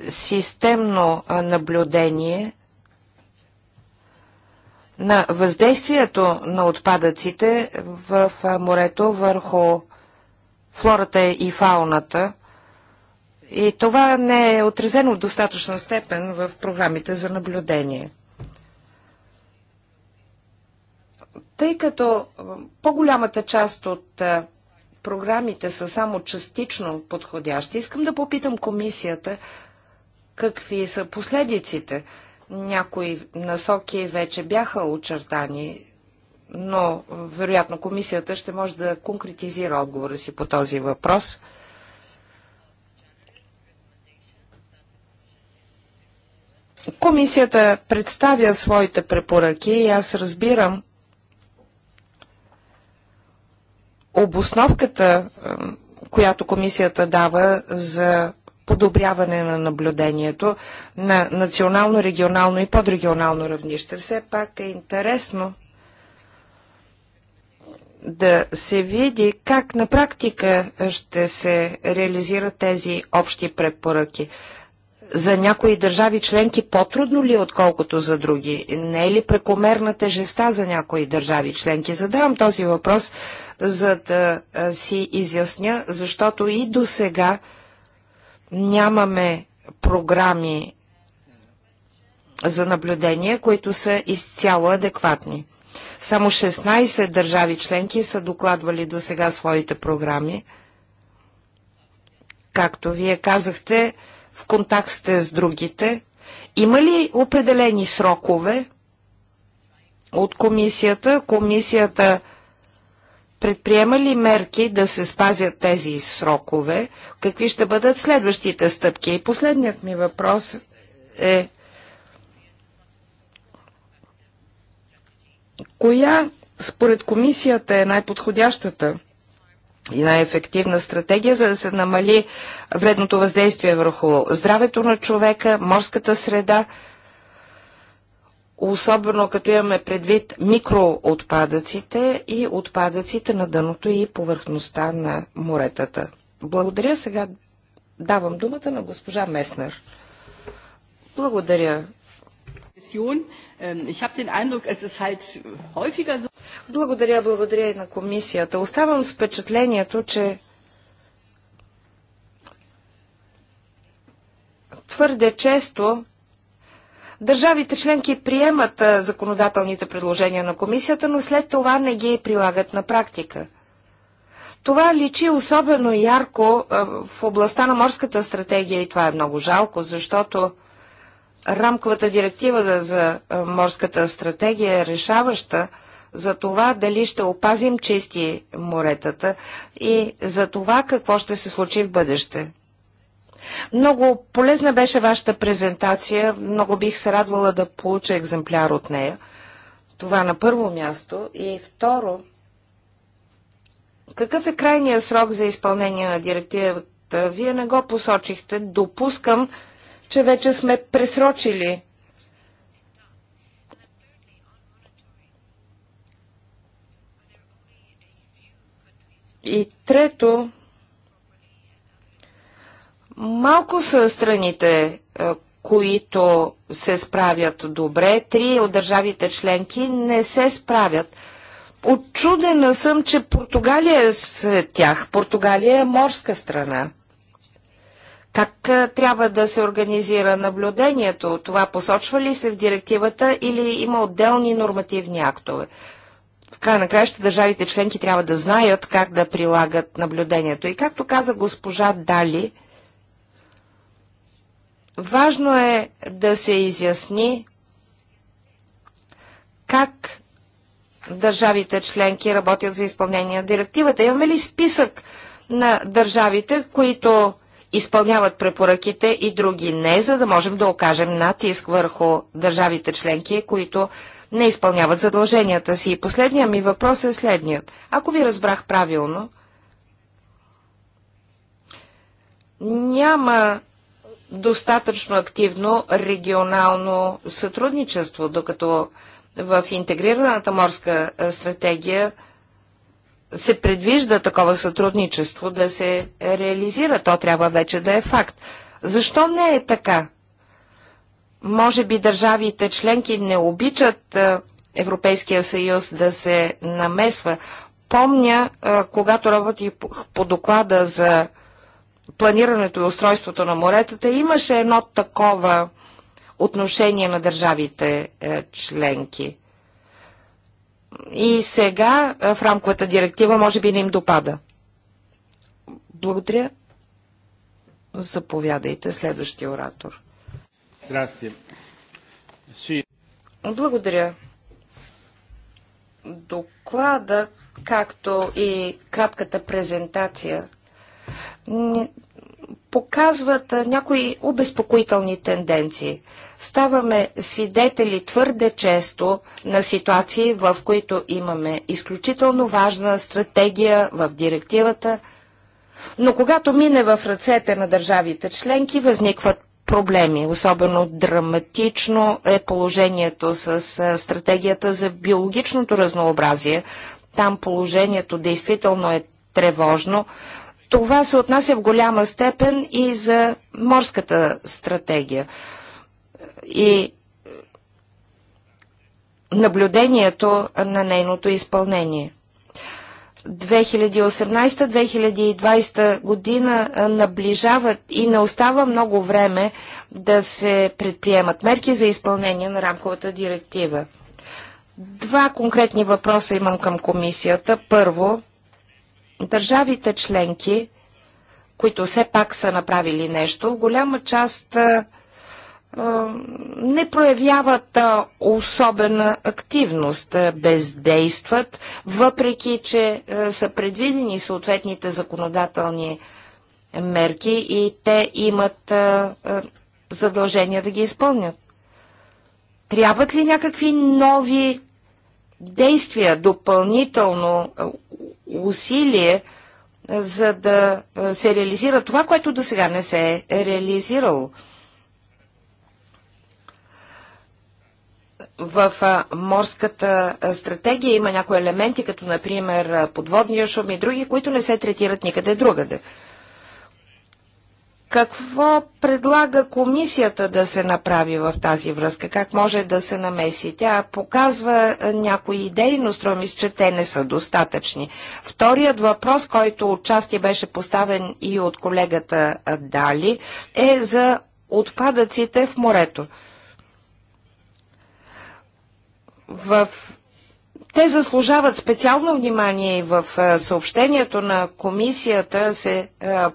системно наблюдение на въздействието на отпадъците в морето върху флората и фауната и това не е отразено в достатъчна степен в програмите за наблюдение. Тъй като по-голямата част от програмите са само частично подходящи, искам да попитам комисията какви са последиците. Някои насоки вече бяха очертани, но вероятно комисията ще може да конкретизира отговора си по този въпрос – Комисията представя своите препоръки и аз разбирам обосновката, която комисията дава за подобряване на наблюдението на национално, регионално и подрегионално равнище. Все пак е интересно да се види как на практика ще се реализират тези общи препоръки за някои държави членки по-трудно ли е, отколкото за други? Не е ли прекомерна тежеста за някои държави членки? Задавам този въпрос, за да си изясня, защото и до сега нямаме програми за наблюдение, които са изцяло адекватни. Само 16 държави членки са докладвали до сега своите програми. Както вие казахте, в контакт сте с другите? Има ли определени срокове от комисията? Комисията предприема ли мерки да се спазят тези срокове? Какви ще бъдат следващите стъпки? И последният ми въпрос е коя според комисията е най-подходящата една ефективна стратегия, за да се намали вредното въздействие върху здравето на човека, морската среда, особено като имаме предвид микроотпадъците и отпадъците на дъното и повърхността на моретата. Благодаря. Сега давам думата на госпожа Меснер. Благодаря. Ich habe den Eindruck, es ist halt häufiger so. Благодаря, благодаря и на комисията. Оставам с впечатлението, че твърде често държавите членки приемат законодателните предложения на комисията, но след това не ги прилагат на практика. Това личи особено ярко в областта на морската стратегия и това е много жалко, защото рамковата директива за морската стратегия е решаваща за това дали ще опазим чисти моретата и за това какво ще се случи в бъдеще. Много полезна беше вашата презентация, много бих се радвала да получа екземпляр от нея. Това на първо място. И второ, какъв е крайният срок за изпълнение на директивата? Вие не го посочихте. Допускам, че вече сме пресрочили И трето, малко са страните, е, които се справят добре. Три от държавите членки не се справят. Отчудена съм, че Португалия е сред тях. Португалия е морска страна. Как е, трябва да се организира наблюдението? Това посочва ли се в директивата или има отделни нормативни актове? края на краищата държавите членки трябва да знаят как да прилагат наблюдението. И както каза госпожа Дали, важно е да се изясни как държавите членки работят за изпълнение на директивата. Имаме ли списък на държавите, които изпълняват препоръките и други не, за да можем да окажем натиск върху държавите членки, които не изпълняват задълженията си. И последния ми въпрос е следният. Ако ви разбрах правилно, няма достатъчно активно регионално сътрудничество, докато в интегрираната морска стратегия се предвижда такова сътрудничество да се реализира. То трябва вече да е факт. Защо не е така? Може би държавите членки не обичат Европейския съюз да се намесва. Помня, когато работих по доклада за планирането и устройството на моретата, имаше едно такова отношение на държавите е, членки. И сега в рамковата директива може би не им допада. Благодаря. Заповядайте, следващия оратор. Благодаря. Доклада, както и кратката презентация, показват някои обезпокоителни тенденции. Ставаме свидетели твърде често на ситуации, в които имаме изключително важна стратегия в директивата, но когато мине в ръцете на държавите членки, възникват проблеми. Особено драматично е положението с стратегията за биологичното разнообразие. Там положението действително е тревожно. Това се отнася в голяма степен и за морската стратегия. И наблюдението на нейното изпълнение. 2018-2020 година наближават и не остава много време да се предприемат мерки за изпълнение на рамковата директива. Два конкретни въпроса имам към комисията. Първо, държавите членки, които все пак са направили нещо, голяма част а, не проявяват особена активност, бездействат, въпреки че са предвидени съответните законодателни мерки и те имат задължения да ги изпълнят. Трябват ли някакви нови действия, допълнително усилие, за да се реализира това, което до сега не се е реализирало? в морската стратегия има някои елементи, като например подводния шум и други, които не се третират никъде другаде. Какво предлага комисията да се направи в тази връзка? Как може да се намеси? Тя показва някои идеи, но струва ми че те не са достатъчни. Вторият въпрос, който отчасти беше поставен и от колегата Дали, е за отпадъците в морето в... Те заслужават специално внимание и в съобщението на комисията се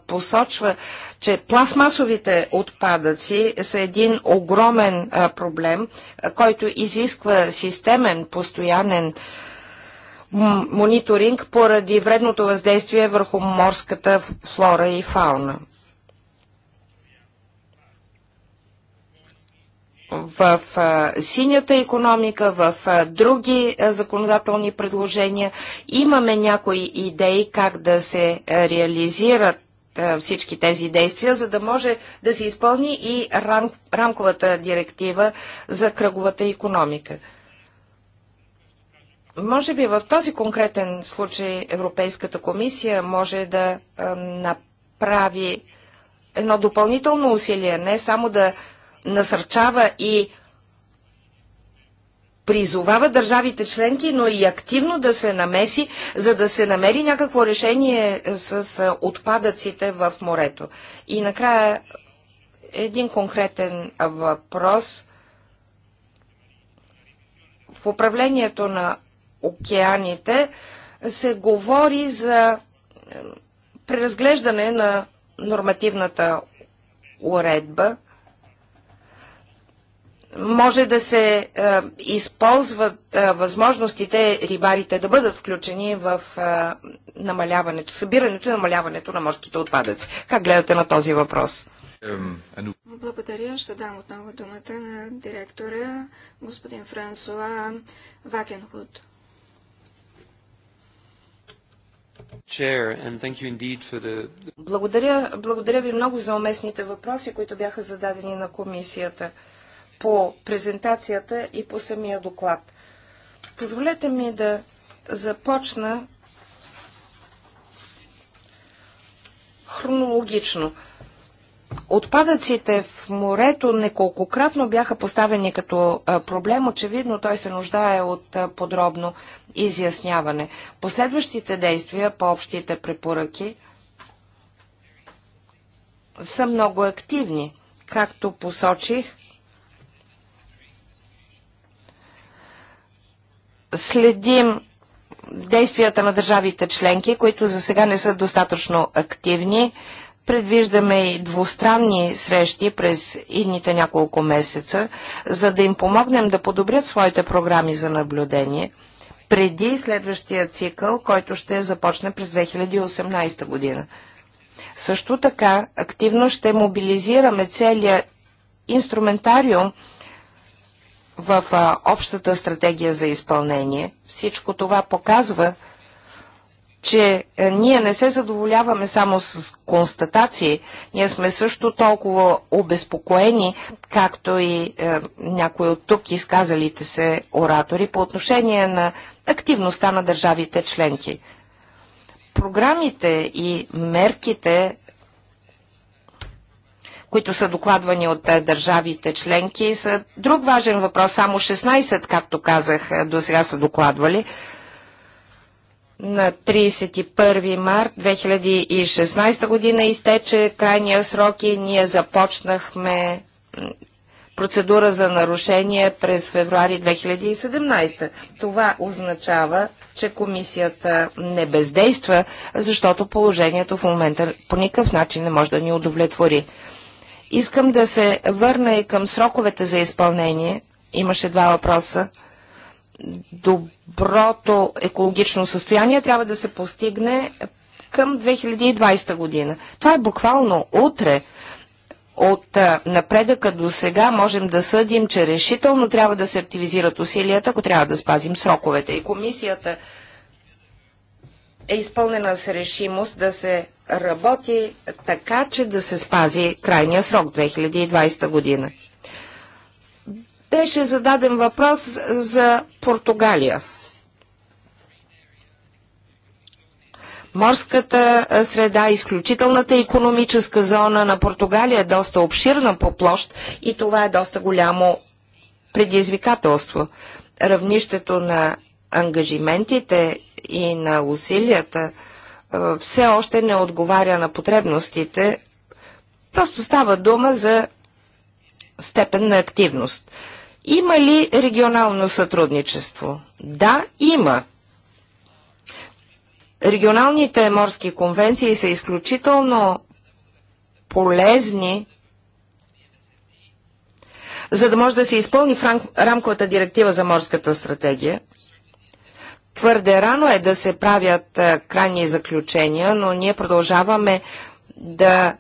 посочва, че пластмасовите отпадъци са един огромен проблем, който изисква системен, постоянен мониторинг поради вредното въздействие върху морската флора и фауна. в синята економика, в други законодателни предложения. Имаме някои идеи как да се реализират всички тези действия, за да може да се изпълни и рам, рамковата директива за кръговата економика. Може би в този конкретен случай Европейската комисия може да направи едно допълнително усилие, не само да насърчава и призовава държавите членки, но и активно да се намеси, за да се намери някакво решение с отпадъците в морето. И накрая един конкретен въпрос. В управлението на океаните се говори за преразглеждане на нормативната уредба може да се е, използват е, възможностите рибарите да бъдат включени в е, намаляването, събирането и намаляването на морските отпадъци. Как гледате на този въпрос? Благодаря. Ще дам отново думата на директора господин Франсуа Вакенхуд. Благодаря, благодаря ви много за уместните въпроси, които бяха зададени на комисията по презентацията и по самия доклад. Позволете ми да започна хронологично. Отпадъците в морето неколкократно бяха поставени като проблем. Очевидно той се нуждае от подробно изясняване. Последващите действия по общите препоръки са много активни. Както посочих, следим действията на държавите членки, които за сега не са достатъчно активни. Предвиждаме и двустранни срещи през идните няколко месеца, за да им помогнем да подобрят своите програми за наблюдение преди следващия цикъл, който ще започне през 2018 година. Също така активно ще мобилизираме целият инструментариум в а, общата стратегия за изпълнение. Всичко това показва, че а, е, ние не се задоволяваме само с констатации, ние сме също толкова обезпокоени, както и а, е, някои от тук изказалите се оратори по отношение на активността на държавите членки. Програмите и мерките които са докладвани от е, държавите членки, са друг важен въпрос. Само 16, както казах, е, до сега са докладвали. На 31 март 2016 година изтече крайния срок и ние започнахме процедура за нарушение през февруари 2017. Това означава, че комисията не бездейства, защото положението в момента по никакъв начин не може да ни удовлетвори. Искам да се върна и към сроковете за изпълнение. Имаше два въпроса. Доброто екологично състояние трябва да се постигне към 2020 година. Това е буквално утре. От напредъка до сега можем да съдим, че решително трябва да се активизират усилията, ако трябва да спазим сроковете. И комисията е изпълнена с решимост да се работи така, че да се спази крайния срок 2020 година. Беше зададен въпрос за Португалия. Морската среда, изключителната економическа зона на Португалия е доста обширна по площ и това е доста голямо предизвикателство. Равнището на ангажиментите и на усилията е, все още не отговаря на потребностите. Просто става дума за степен на активност. Има ли регионално сътрудничество? Да, има. Регионалните морски конвенции са изключително полезни, за да може да се изпълни рамковата директива за морската стратегия – Твърде рано е да се правят крайни заключения, но ние продължаваме да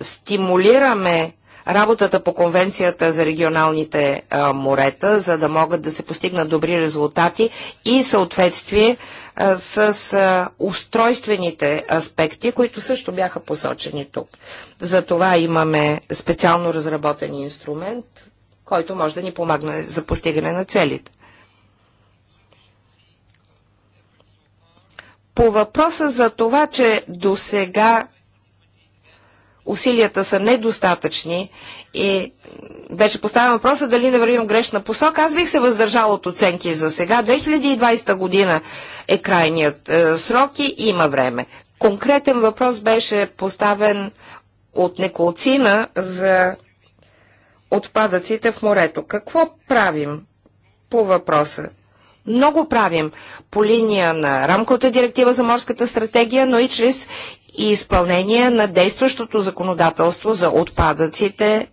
стимулираме работата по конвенцията за регионалните морета, за да могат да се постигнат добри резултати и съответствие с устройствените аспекти, които също бяха посочени тук. За това имаме специално разработен инструмент, който може да ни помогне за постигане на целите. По въпроса за това, че до сега усилията са недостатъчни и беше поставен въпроса дали не вървим грешна посока. Аз бих се въздържал от оценки за сега. 2020 година е крайният е, срок и има време. Конкретен въпрос беше поставен от неколцина за отпадъците в морето. Какво правим по въпроса? Много правим по линия на рамковата директива за морската стратегия, но и чрез изпълнение на действащото законодателство за отпадъците,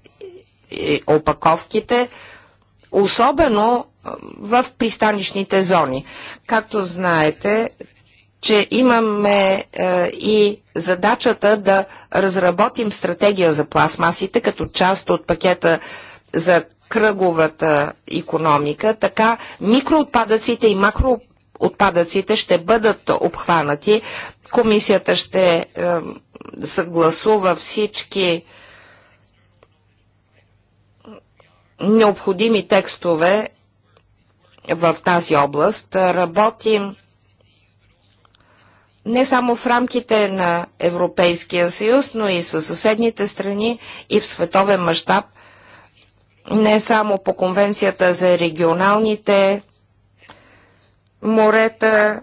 и опаковките, особено в пристанищните зони. Както знаете, че имаме е, и задачата да разработим стратегия за пластмасите като част от пакета за кръговата економика, така микроотпадъците и макроотпадъците ще бъдат обхванати. Комисията ще е, съгласува всички необходими текстове в тази област. Работим не само в рамките на Европейския съюз, но и със съседните страни и в световен мащаб – не само по Конвенцията за регионалните морета,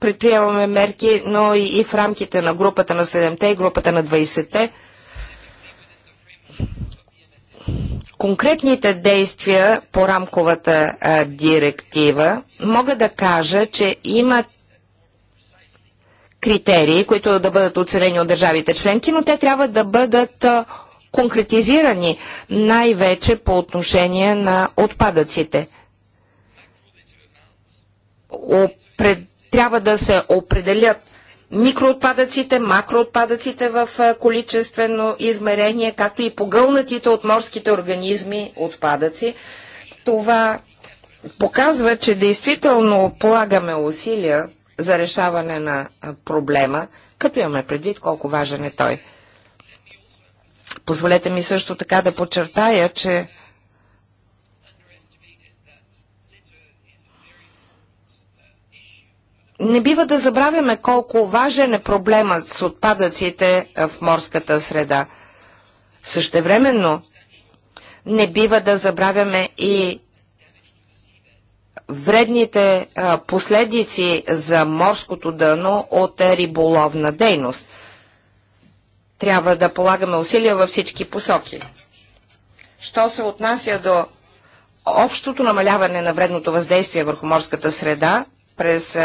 предприемаме мерки, но и, в рамките на групата на 7-те и групата на 20-те. Конкретните действия по рамковата а, директива мога да кажа, че има критерии, които да бъдат оценени от държавите членки, но те трябва да бъдат а, конкретизирани най-вече по отношение на отпадъците. Опред... Трябва да се определят микроотпадъците, макроотпадъците в е, количествено измерение, както и погълнатите от морските организми отпадъци. Това показва, че действително полагаме усилия за решаване на е, проблема, като имаме предвид колко важен е той. Позволете ми също така да подчертая, че не бива да забравяме колко важен е проблемът с отпадъците в морската среда. Същевременно не бива да забравяме и вредните последици за морското дъно от риболовна дейност – трябва да полагаме усилия във всички посоки. Що се отнася до общото намаляване на вредното въздействие върху морската среда през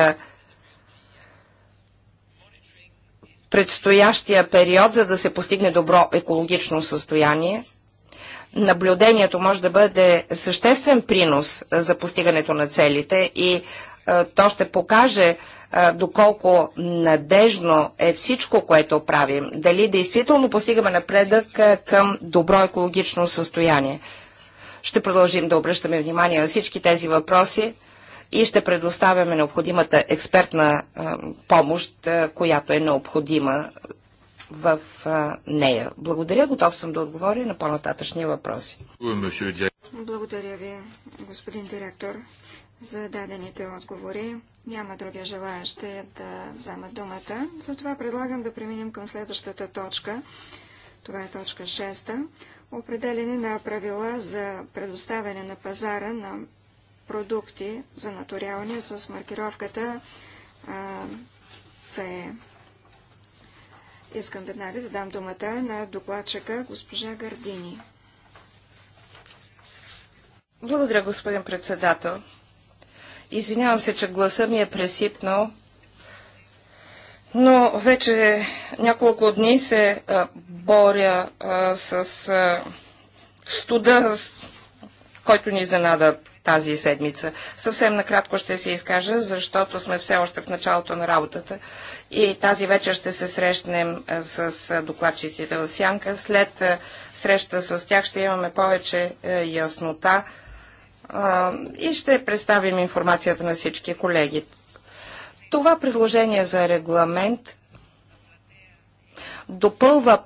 предстоящия период, за да се постигне добро екологично състояние. Наблюдението може да бъде съществен принос за постигането на целите и е, то ще покаже е, доколко надежно е всичко, което правим, дали действително постигаме напредък е, към добро екологично състояние. Ще продължим да обръщаме внимание на всички тези въпроси и ще предоставяме необходимата експертна помощ, която е необходима в нея. Благодаря, готов съм да отговоря на по-нататъчни въпроси. Благодаря ви, господин директор за дадените отговори. Няма други желаящи да вземат думата. Затова предлагам да преминем към следващата точка. Това е точка 6. Определени на правила за предоставяне на пазара на продукти за натурални с маркировката се. Искам веднага да дам думата на докладчика госпожа Гардини. Благодаря, господин председател. Извинявам се, че гласа ми е пресипнал, но вече няколко дни се боря с студа, който ни изненада тази седмица. Съвсем накратко ще се изкажа, защото сме все още в началото на работата и тази вечер ще се срещнем с докладчиците в Сянка. След среща с тях ще имаме повече яснота и ще представим информацията на всички колеги. Това предложение за регламент допълва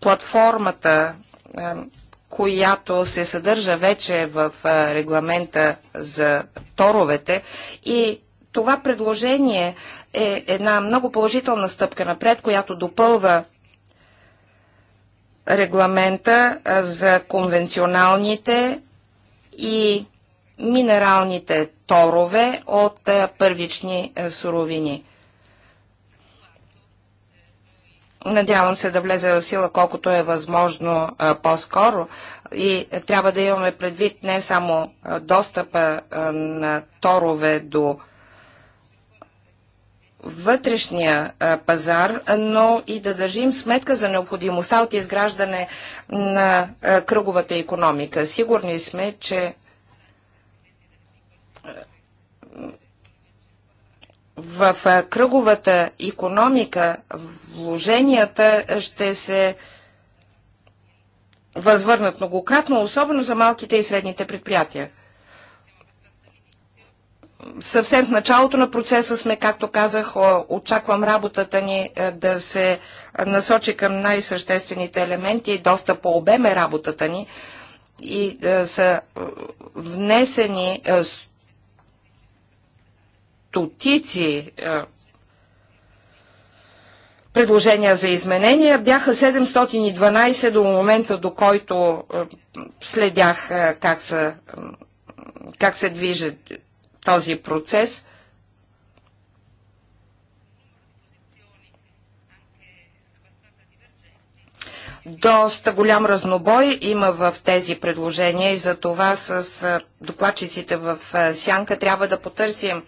платформата, която се съдържа вече в регламента за торовете и това предложение е една много положителна стъпка напред, която допълва регламента за конвенционалните и минералните торове от е, първични е, суровини. Надявам се да влезе в сила колкото е възможно е, по-скоро и трябва да имаме предвид не само достъпа на торове до вътрешния пазар, но и да държим сметка за необходимостта от изграждане на кръговата економика. Сигурни сме, че в кръговата економика вложенията ще се възвърнат многократно, особено за малките и средните предприятия съвсем в началото на процеса сме, както казах, очаквам работата ни е, да се насочи към най-съществените елементи, доста по обеме е работата ни и е, са е, внесени стотици предложения за изменения. Бяха 712 до момента, до който следях как, са, как се движат този процес. Доста голям разнобой има в тези предложения и за това с докладчиците в Сянка трябва да потърсим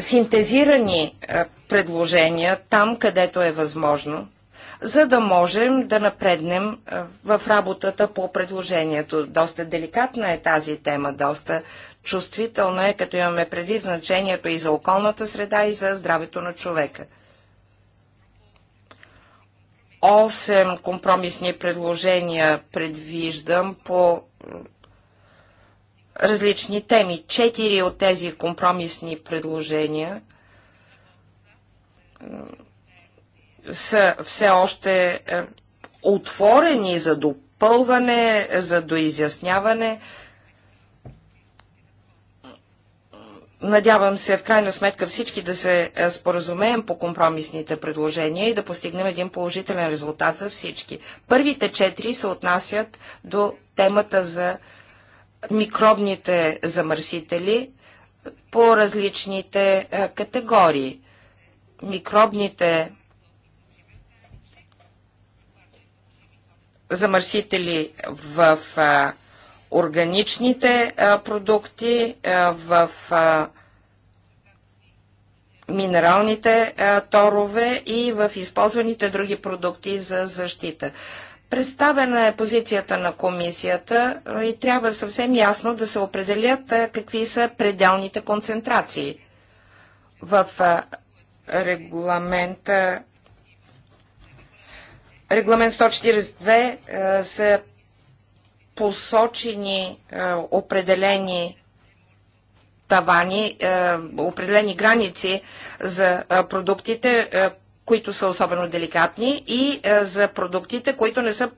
синтезирани предложения там, където е възможно, за да можем да напреднем в работата по предложението. Доста деликатна е тази тема, доста чувствителна е, като имаме предвид значението и за околната среда, и за здравето на човека. Осем компромисни предложения предвиждам по различни теми. Четири от тези компромисни предложения са все още е, отворени за допълване, за доизясняване. Надявам се в крайна сметка всички да се е, споразумеем по компромисните предложения и да постигнем един положителен резултат за всички. Първите четири се отнасят до темата за микробните замърсители по различните е, категории. Микробните замърсители в е, органичните продукти, в минералните торове и в използваните други продукти за защита. Представена е позицията на комисията и трябва съвсем ясно да се определят какви са пределните концентрации. В регламента Регламент 142 се посочени е, определени тавани, е, определени граници за е, продуктите, които са особено деликатни и за продуктите, които не са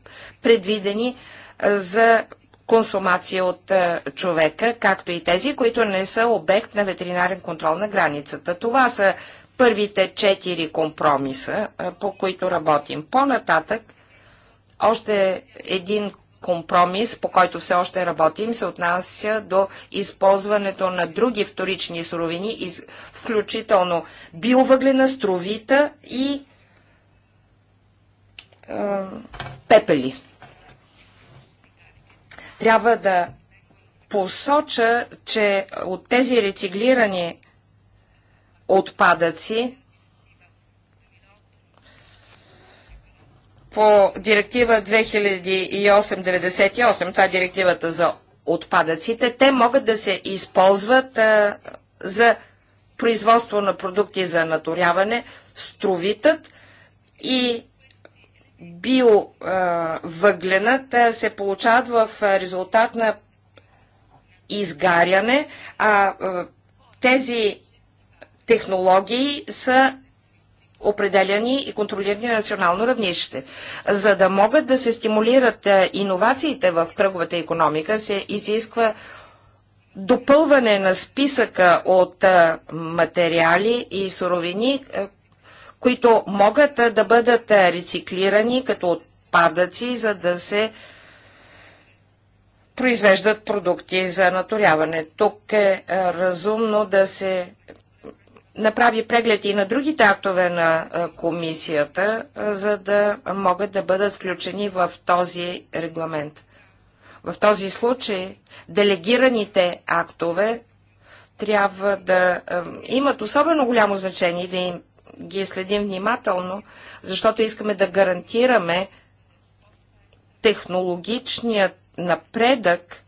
предвидени за консумация от човека, както и тези, които не са обект на ветеринарен контрол на границата. Това са първите четири компромиса, по които работим. По-нататък, още един компромис, по който все още работим, се отнася до използването на други вторични суровини, включително биовъглена, струвита и е, пепели. Трябва да посоча, че от тези рециклирани отпадъци по директива 2008-98, това е директивата за отпадъците, те могат да се използват а, за производство на продукти за наторяване, струвитът и биовъгленът се получават в резултат на изгаряне, а тези технологии са определяни и контролирани на национално равнище. За да могат да се стимулират е, иновациите в кръговата економика, се изисква допълване на списъка от е, материали и суровини, е, които могат да бъдат рециклирани като отпадъци, за да се произвеждат продукти за наторяване. Тук е разумно да се направи преглед и на другите актове на комисията, за да могат да бъдат включени в този регламент. В този случай делегираните актове трябва да имат особено голямо значение и да им ги следим внимателно, защото искаме да гарантираме технологичният напредък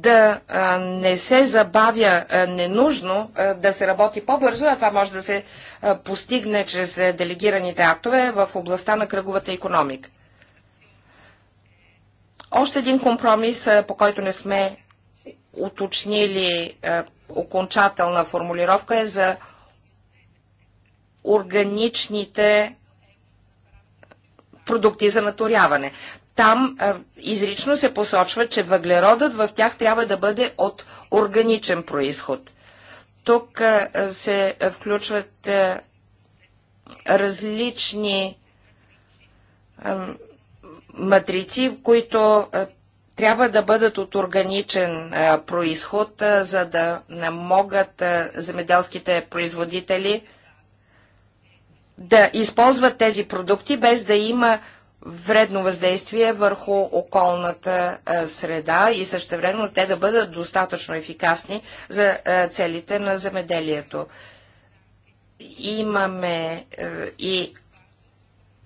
да не се забавя ненужно, да се работи по-бързо, а това може да се постигне чрез делегираните актове в областта на кръговата економика. Още един компромис, по който не сме уточнили окончателна формулировка е за органичните продукти за наторяване там а, изрично се посочва, че въглеродът в тях трябва да бъде от органичен происход. Тук а, се включват а, различни матрици, които трябва да бъдат от органичен происход, за да могат земеделските производители да използват тези продукти без да има вредно въздействие върху околната среда и същевременно те да бъдат достатъчно ефикасни за целите на земеделието. Имаме и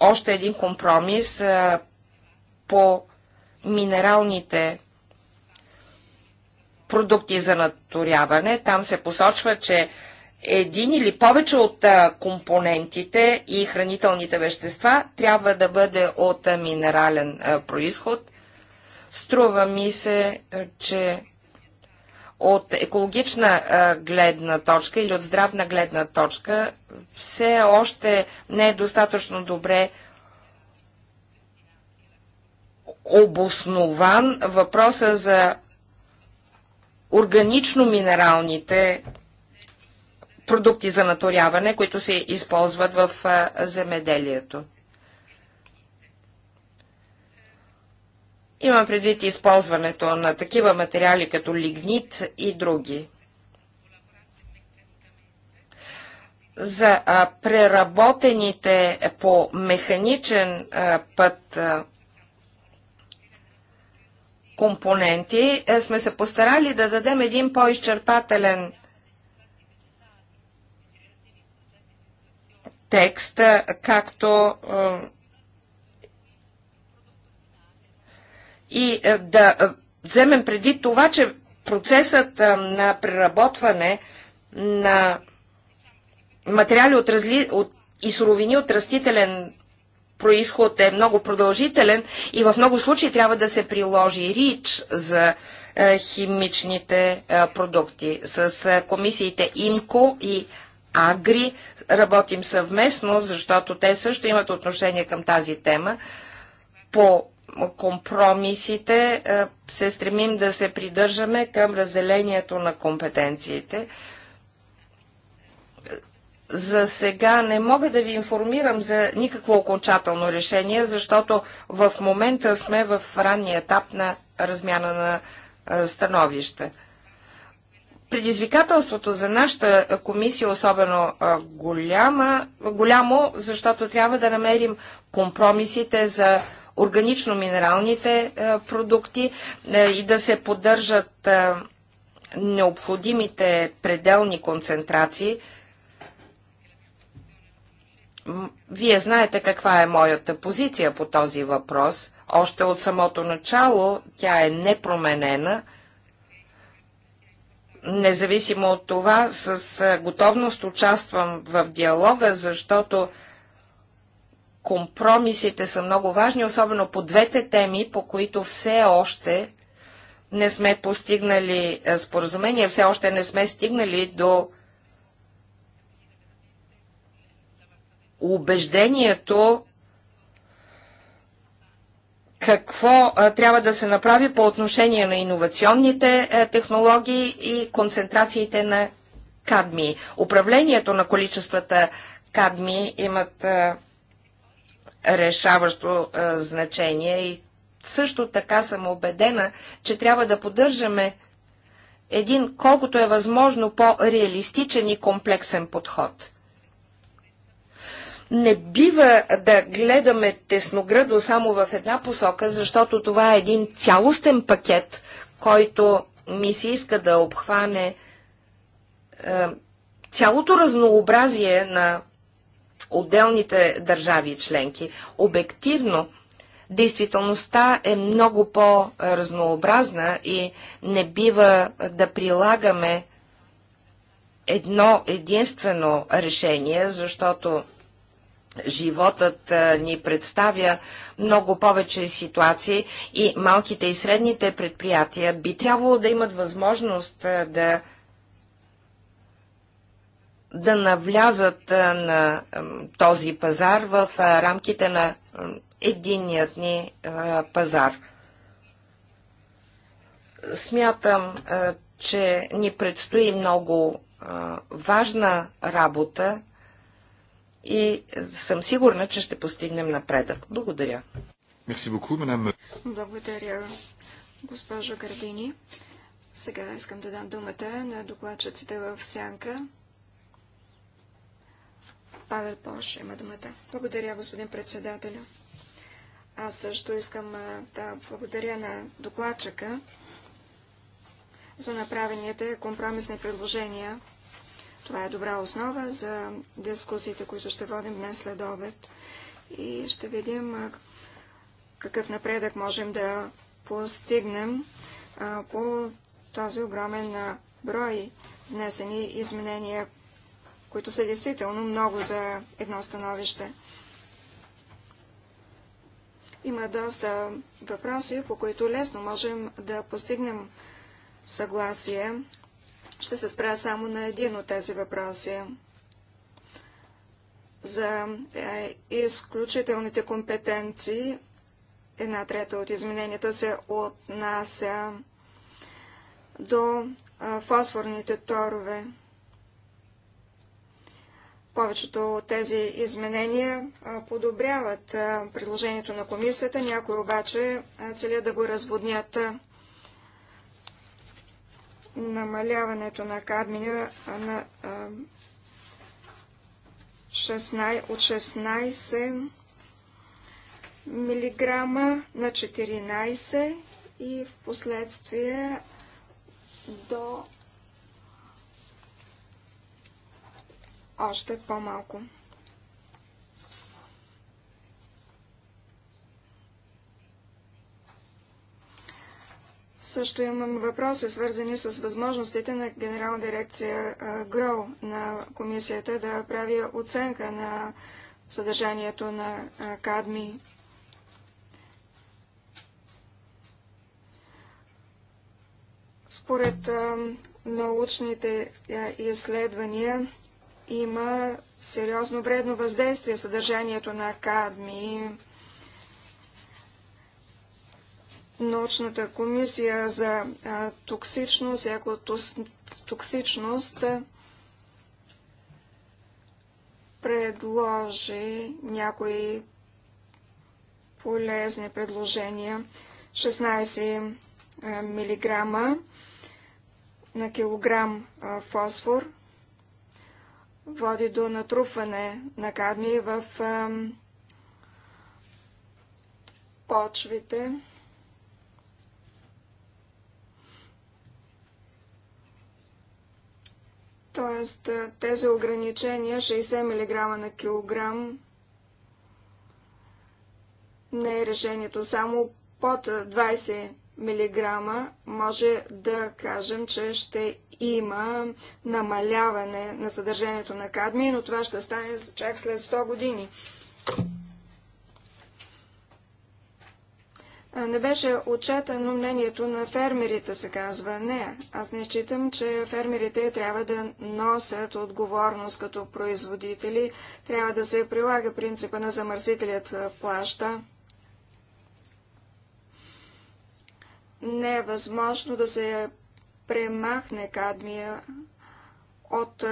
още един компромис по минералните продукти за наторяване. Там се посочва, че един или повече от компонентите и хранителните вещества трябва да бъде от минерален происход. Струва ми се, че от екологична гледна точка или от здравна гледна точка все още не е достатъчно добре обоснован въпроса за органично-минералните продукти за наторяване, които се използват в земеделието. Имам предвид използването на такива материали като лигнит и други. За преработените по механичен път компоненти е, сме се постарали да дадем един по-изчерпателен текст, както и да вземем преди това, че процесът на преработване на материали от, разли... от... и суровини от растителен происход е много продължителен и в много случаи трябва да се приложи рич за химичните продукти. С комисиите ИМКО и АГРИ работим съвместно, защото те също имат отношение към тази тема. По компромисите е, се стремим да се придържаме към разделението на компетенциите. За сега не мога да ви информирам за никакво окончателно решение, защото в момента сме в ранния етап на размяна на е, становища. Предизвикателството за нашата комисия е особено голяма, голямо, защото трябва да намерим компромисите за органично-минералните продукти и да се поддържат необходимите пределни концентрации. Вие знаете каква е моята позиция по този въпрос. Още от самото начало тя е непроменена – независимо от това, с готовност участвам в диалога, защото компромисите са много важни, особено по двете теми, по които все още не сме постигнали споразумение, все още не сме стигнали до убеждението, какво а, трябва да се направи по отношение на иновационните а, е, технологии и концентрациите на кадми. Управлението на количествата кадми имат а, е, решаващо а, е, значение и също така съм убедена, че трябва да поддържаме един колкото е възможно по-реалистичен и комплексен подход – не бива да гледаме тесноградо само в една посока, защото това е един цялостен пакет, който ми се иска да обхване е, цялото разнообразие на отделните държави и членки. Обективно, действителността е много по-разнообразна и не бива да прилагаме едно единствено решение, защото животът ни представя много повече ситуации и малките и средните предприятия би трябвало да имат възможност да да навлязат на този пазар в рамките на единият ни пазар. Смятам, че ни предстои много важна работа и съм сигурна, че ще постигнем напредък. Благодаря. Благодаря, госпожо Гардини. Сега искам да дам думата на докладчиците в Сянка. Павел Пош има думата. Благодаря, господин председателю. Аз също искам да благодаря на докладчика за направените компромисни предложения. Това е добра основа за дискусиите, които ще водим днес след обед. И ще видим какъв напредък можем да постигнем по този огромен брой внесени изменения, които са действително много за едно становище. Има доста въпроси, по които лесно можем да постигнем съгласие. Ще се спра само на един от тези въпроси. За е, изключителните компетенции една трета от измененията се отнася до фосфорните торове. Повечето от тези изменения подобряват предложението на комисията, някои обаче целят да го разводнят намаляването на кадмия на, а, 16, от 16 милиграма на 14 и в последствие до още по-малко. Също имам въпроси, свързани с възможностите на Генерална дирекция ГРО на комисията да прави оценка на съдържанието на кадми. Според научните изследвания има сериозно вредно въздействие съдържанието на кадми научната комисия за а, токсичност и токсичност предложи някои полезни предложения. 16 мг на килограм фосфор води до натрупване на кадми в почвите. Тоест, тези ограничения 60 мг на килограм не е решението. Само под 20 мг може да кажем, че ще има намаляване на съдържанието на кадми, но това ще стане чак след 100 години. не беше отчетено мнението на фермерите, се казва. Не, аз не считам, че фермерите трябва да носят отговорност като производители. Трябва да се прилага принципа на замърсителят плаща. Не е възможно да се премахне кадмия от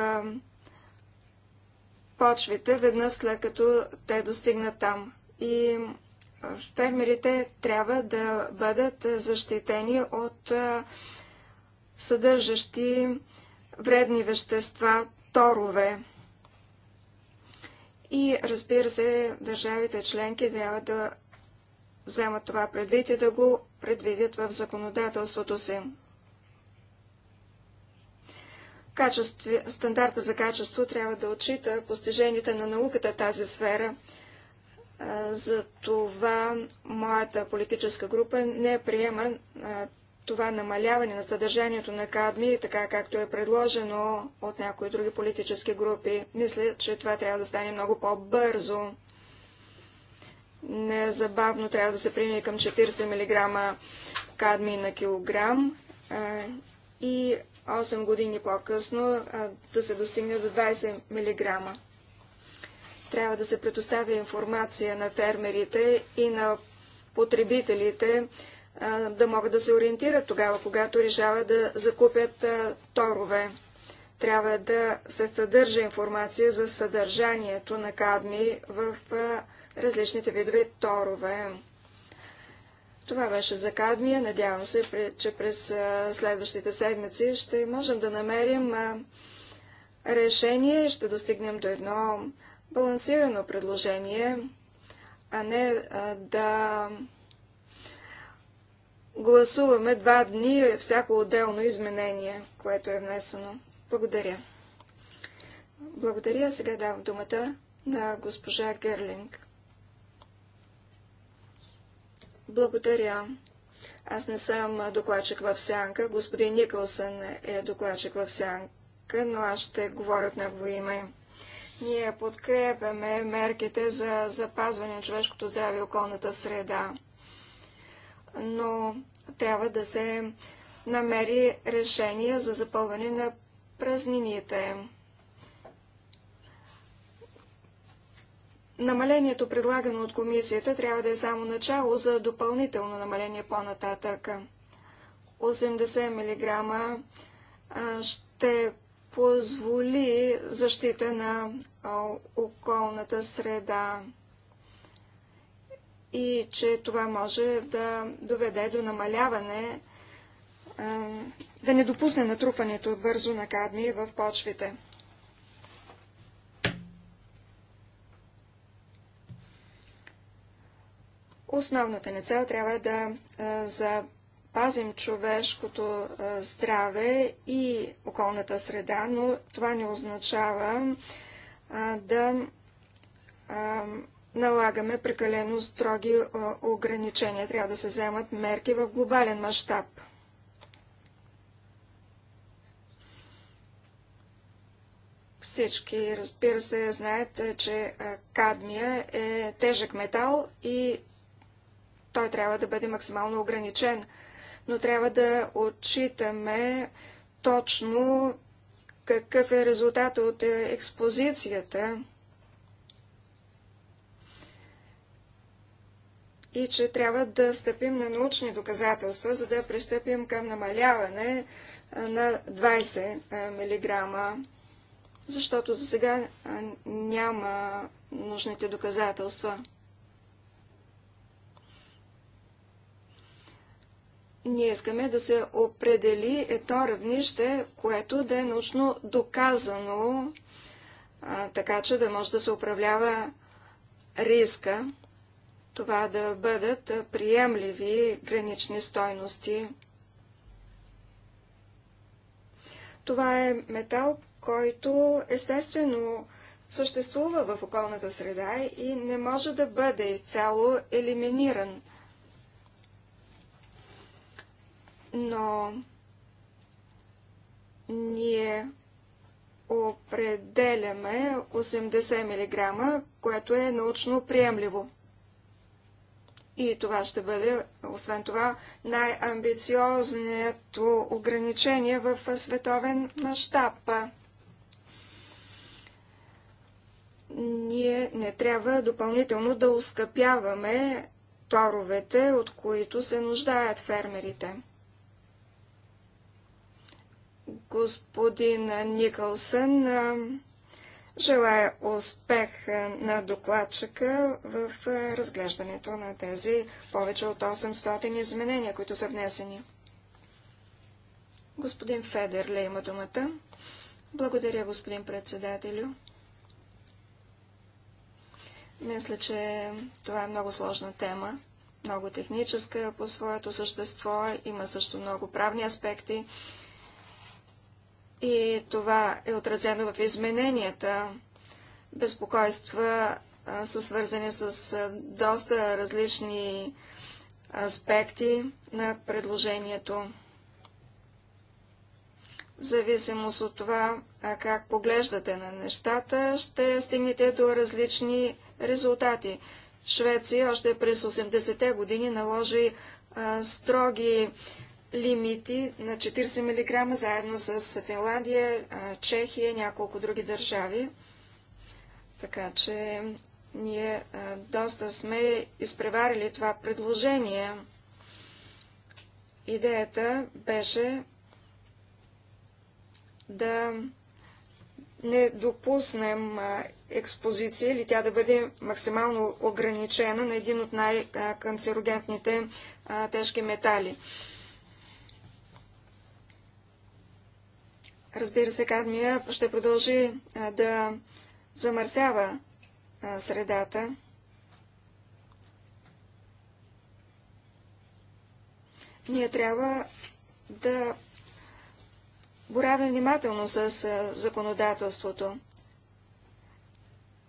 почвите, веднъж след като те достигнат там. И фермерите трябва да бъдат защитени от съдържащи вредни вещества, торове. И разбира се, държавите членки трябва да вземат това предвид и да го предвидят в законодателството си. Качестви, стандарта за качество трябва да отчита постиженията на науката в тази сфера – за това моята политическа група не приема това намаляване на съдържанието на кадми, така както е предложено от някои други политически групи. Мисля, че това трябва да стане много по-бързо. Незабавно трябва да се приеме към 40 мг кадми на килограм и 8 години по-късно да се достигне до 20 мг. Трябва да се предоставя информация на фермерите и на потребителите, да могат да се ориентират тогава, когато решават да закупят торове. Трябва да се съдържа информация за съдържанието на кадми в различните видове торове. Това беше за кадмия. Надявам се, че през следващите седмици ще можем да намерим решение, ще достигнем до едно балансирано предложение, а не а, да гласуваме два дни всяко отделно изменение, което е внесено. Благодаря. Благодаря. Сега давам думата на госпожа Герлинг. Благодаря. Аз не съм докладчик в сянка. Господин Никълсън е докладчик в сянка, но аз ще говоря от негово име. Ние подкрепяме мерките за запазване на човешкото здраве и околната среда, но трябва да се намери решение за запълване на празнините. Намалението, предлагано от комисията, трябва да е само начало за допълнително намаление по-нататък. 80 мг ще позволи защита на околната среда и че това може да доведе до намаляване, да не допусне натрупването бързо на кадми в почвите. Основната ни цел трябва е да за пазим човешкото здраве и околната среда, но това не означава да налагаме прекалено строги ограничения. Трябва да се вземат мерки в глобален мащаб. Всички, разбира се, знаят, че кадмия е тежък метал и той трябва да бъде максимално ограничен но трябва да отчитаме точно какъв е резултат от е, експозицията и че трябва да стъпим на научни доказателства, за да пристъпим към намаляване е, на 20 е, мг, защото за сега няма нужните доказателства. Ние искаме да се определи ето равнище, което да е научно доказано, а, така че да може да се управлява риска, това да бъдат приемливи гранични стойности. Това е метал, който естествено съществува в околната среда и не може да бъде цяло елиминиран. но ние определяме 80 мг, което е научно приемливо. И това ще бъде, освен това, най амбициозното ограничение в световен мащаб. Ние не трябва допълнително да ускъпяваме торовете, от които се нуждаят фермерите господин Никълсън. Желая успех на докладчика в разглеждането на тези повече от 800 изменения, които са внесени. Господин Федерле има думата. Благодаря, господин председателю. Мисля, че това е много сложна тема, много техническа по своето същество, има също много правни аспекти. И това е отразено в измененията. Безпокойства са свързани с доста различни аспекти на предложението. В зависимост от това, как поглеждате на нещата, ще стигнете до различни резултати. Швеция още през 80-те години наложи а, строги лимити на 40 мг заедно с Финландия, Чехия и няколко други държави. Така че ние доста сме изпреварили това предложение. Идеята беше да не допуснем експозиция или тя да бъде максимално ограничена на един от най-канцерогентните тежки метали. Разбира се, кадмия ще продължи да замърсява средата. Ние трябва да боравим внимателно с законодателството.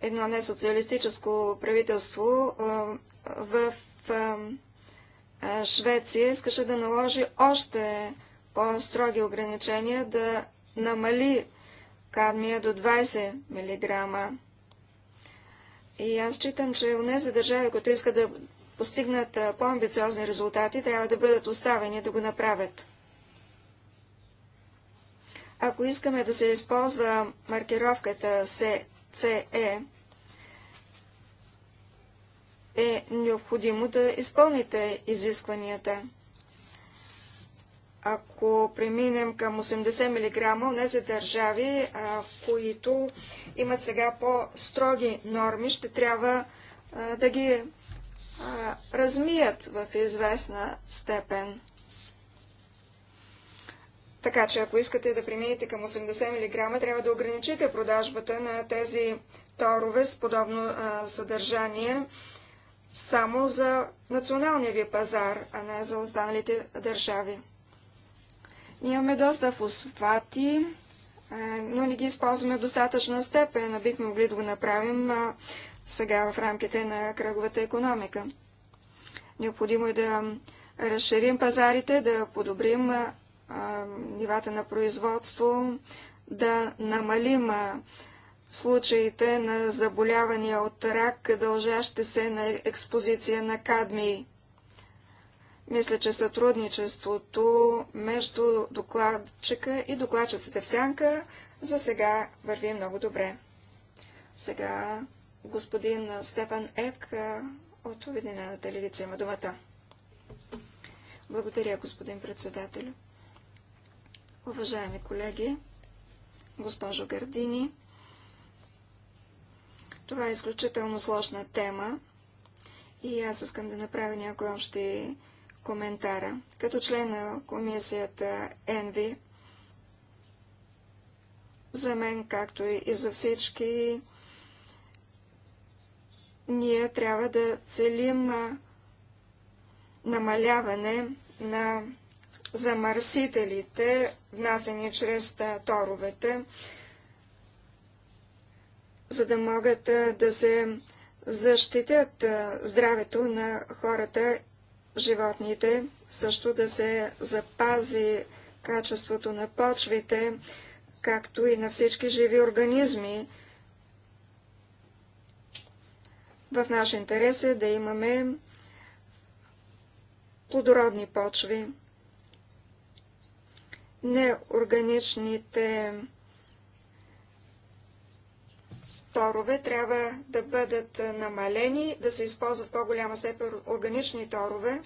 Едно несоциалистическо правителство в Швеция искаше да наложи още по-строги ограничения, да намали кадмия до 20 мг. И аз считам, че у нези държави, които искат да постигнат по-амбициозни резултати, трябва да бъдат оставени да го направят. Ако искаме да се използва маркировката CE, е, е необходимо да изпълните изискванията ако преминем към 80 мг, не за държави, а, които имат сега по-строги норми, ще трябва а, да ги а, размият в известна степен. Така че, ако искате да примените към 80 мг, трябва да ограничите продажбата на тези торове с подобно а, съдържание само за националния ви пазар, а не за останалите държави. Имаме доста фосфати, е, но не ги използваме в достатъчна степен, бихме могли да го направим сега в рамките на кръговата економика. Необходимо е да разширим пазарите, да подобрим нивата на производство, да намалим случаите на заболявания от рак, дължащи се на експозиция на кадмии. Мисля, че сътрудничеството между докладчика и докладчиците в сянка за сега върви много добре. Сега господин Степан Ек от Обединената левица има думата. Благодаря, господин председател. Уважаеми колеги, госпожо Гардини, това е изключително сложна тема и аз искам да направя някои общи коментара. Като член на комисията ЕНВИ, за мен, както и за всички, ние трябва да целим намаляване на замърсителите, внасени чрез торовете, за да могат да се защитят здравето на хората животните, също да се запази качеството на почвите, както и на всички живи организми. В наш интерес е да имаме плодородни почви. Неорганичните торове трябва да бъдат намалени, да се използват по-голяма степен органични торове.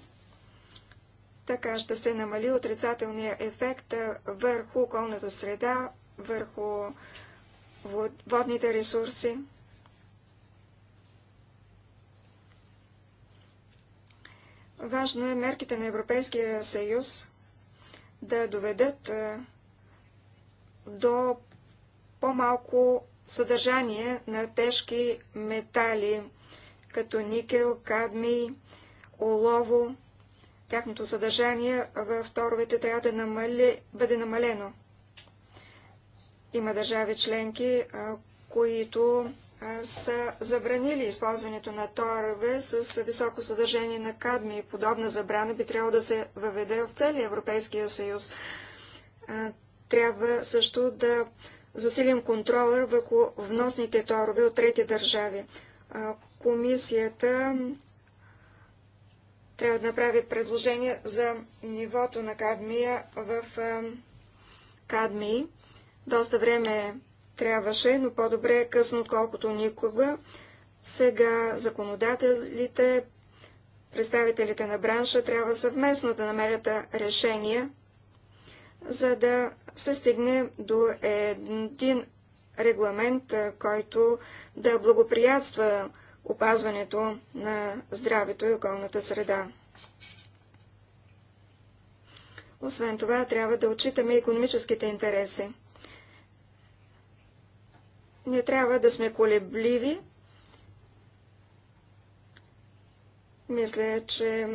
Така ще се намали отрицателния ефект върху околната среда, върху водните ресурси. Важно е мерките на Европейския съюз да доведат до по-малко съдържание на тежки метали, като никел, кадмий, олово. Тяхното съдържание във торовете трябва да намали, бъде намалено. Има държави членки, които са забранили използването на торове с високо съдържание на кадми. Подобна забрана би трябвало да се въведе в целия Европейския съюз. Трябва също да засилим контрола върху вносните торове от трети държави. Комисията трябва да направи предложение за нивото на кадмия в кадмии. Доста време трябваше, но по-добре е късно, отколкото никога. Сега законодателите, представителите на бранша трябва съвместно да намерят решения за да се стигне до един регламент, който да благоприятства опазването на здравето и околната среда. Освен това, трябва да отчитаме економическите интереси. Не трябва да сме колебливи. Мисля, че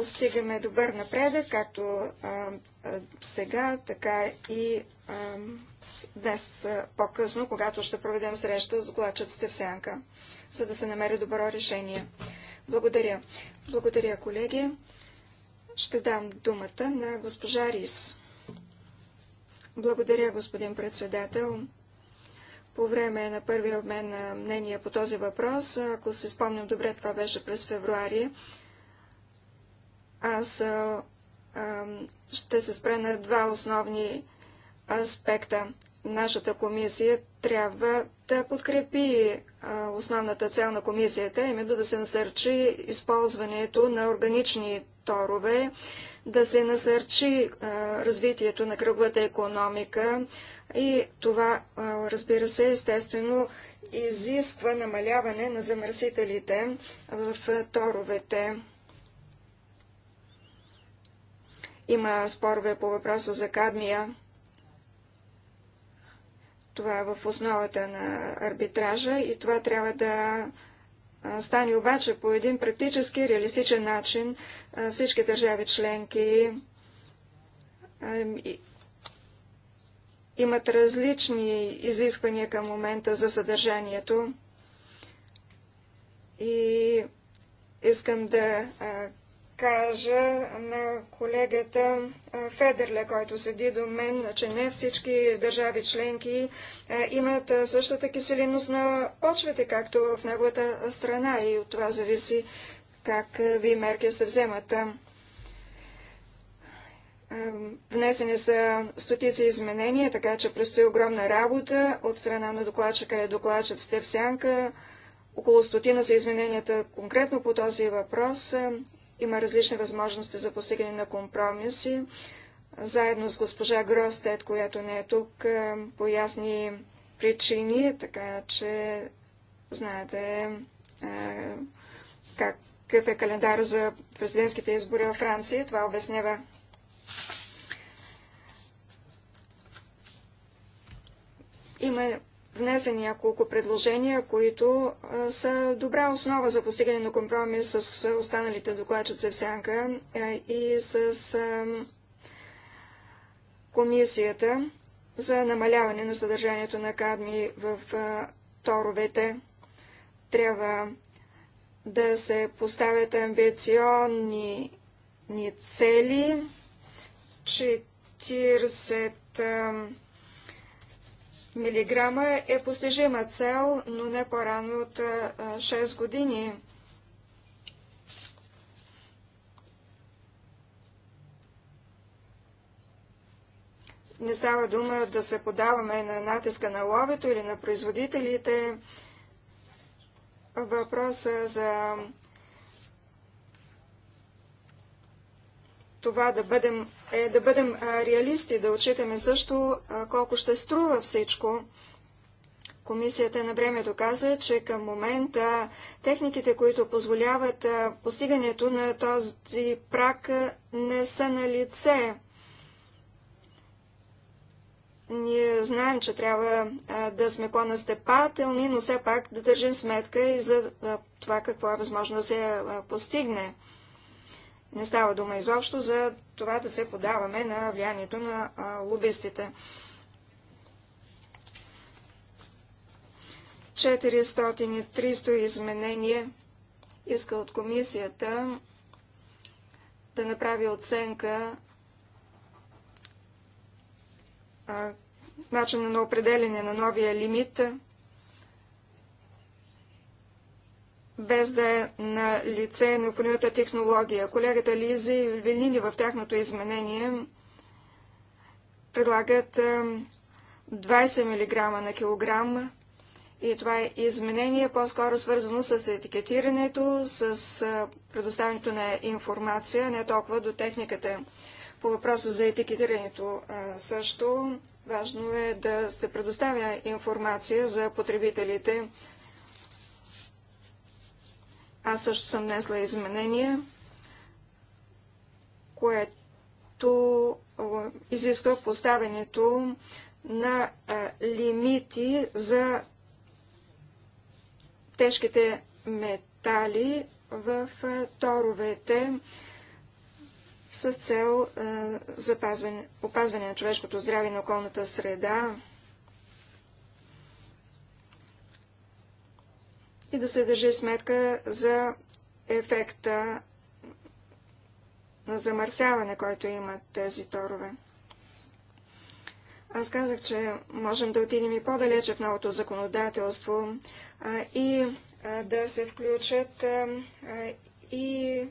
постигаме добър напредък, както а, сега, така и а, днес по-късно, когато ще проведем среща с докладчиците в Сянка, за да се намери добро решение. Благодаря. Благодаря, колеги. Ще дам думата на госпожа Рис. Благодаря, господин председател. По време на първия обмен на мнение по този въпрос, ако се спомням добре, това беше през февруари, аз а, а, ще се спре на два основни аспекта. Нашата комисия трябва да подкрепи а, основната цел на комисията, именно да се насърчи използването на органични торове, да се насърчи а, развитието на кръглата економика и това, а, разбира се, естествено изисква намаляване на замърсителите в торовете. Има спорове по въпроса за кадмия. Това е в основата на арбитража и това трябва да стане обаче по един практически реалистичен начин. Всички държави членки имат различни изисквания към момента за съдържанието. И искам да кажа на колегата Федерле, който седи до мен, че не всички държави членки имат същата киселинност на почвите, както в неговата страна и от това зависи как ви мерки се вземат. Внесени са стотици изменения, така че предстои огромна работа от страна на докладчика и докладчиците в сянка. Около стотина са измененията конкретно по този въпрос. Има различни възможности за постигане на компромиси. Заедно с госпожа Гростет, която не е тук, е, по ясни причини, така че знаете е, как, какъв е календар за президентските избори във Франция. Това обяснява има внесе няколко предложения, които са добра основа за постигане на компромис с, останалите докладчици в сянка и с комисията за намаляване на съдържанието на кадми в торовете. Трябва да се поставят ни цели. 40 мг е постижима цел, но не по-рано от 6 години. Не става дума да се подаваме на натиска на ловето или на производителите. Въпроса за това да бъдем, е да бъдем реалисти, да отчитаме също колко ще струва всичко. Комисията на времето каза, че към момента техниките, които позволяват постигането на този прак, не са на лице. Ние знаем, че трябва да сме по-настепателни, но все пак да държим сметка и за това какво е възможно да се постигне. Не става дума изобщо за това да се подаваме на влиянието на лобистите. 400-300 изменения иска от комисията да направи оценка а, начина на определене на новия лимит без да е на лице необходимата технология. Колегата Лизи Велини в тяхното изменение предлагат 20 е, мг на килограм и това е изменение по-скоро свързано с етикетирането, с е, предоставянето на информация, не толкова до техниката. По въпроса за етикетирането е, също важно е да се предоставя информация за потребителите, аз също съм внесла изменения, което изисква поставянето на лимити за тежките метали в торовете с цел опазване на човешкото здраве и на околната среда. и да се държи сметка за ефекта на замърсяване, който имат тези торове. Аз казах, че можем да отидем и по-далече в новото законодателство а, и а, да се включат а, и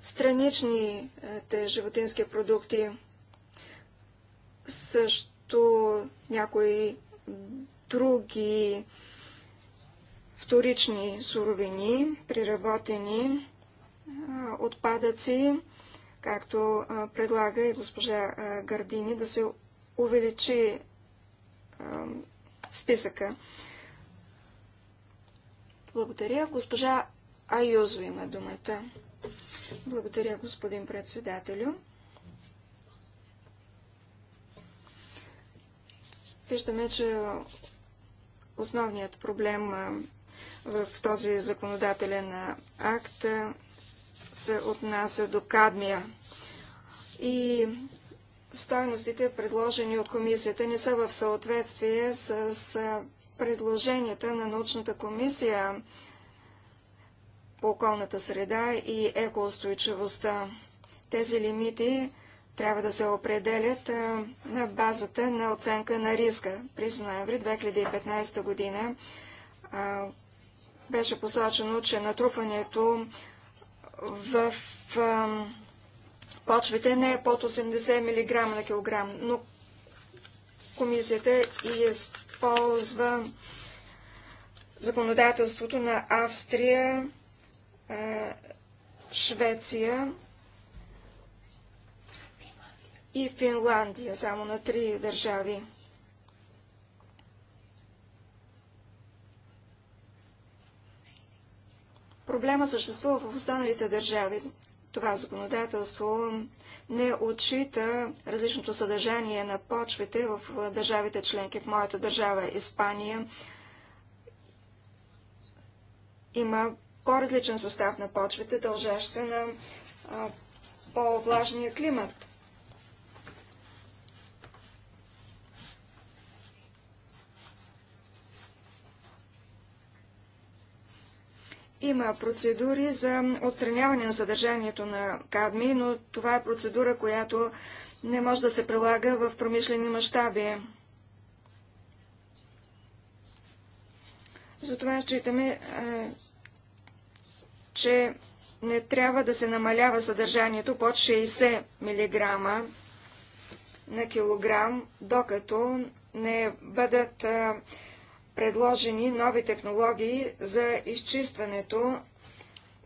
страничните животински продукти, също някои други вторични суровини, приработени отпадъци, както предлага и госпожа Гардини, да се увеличи списъка. Благодаря. Госпожа Айозо има думата. Благодаря, господин председателю. Виждаме, че Основният проблем в този законодателен акт се отнася до кадмия. И стойностите, предложени от комисията, не са в съответствие с предложенията на научната комисия по околната среда и екоустойчивостта. Тези лимити трябва да се определят на базата на оценка на риска. През ноември 2015 година беше посочено, че натрупването в почвите не е под 80 мг на килограм, но комисията използва законодателството на Австрия, Швеция и Финландия, само на три държави. Проблема съществува в останалите държави. Това законодателство не отчита различното съдържание на почвите в държавите членки. В моята държава Испания има по-различен състав на почвите, дължащ се на по-влажния климат. Има процедури за отстраняване на съдържанието на кадми, но това е процедура, която не може да се прилага в промишлени мащаби. Затова считаме, е, че не трябва да се намалява съдържанието под 60 мг на килограм, докато не бъдат е, предложени нови технологии за изчистването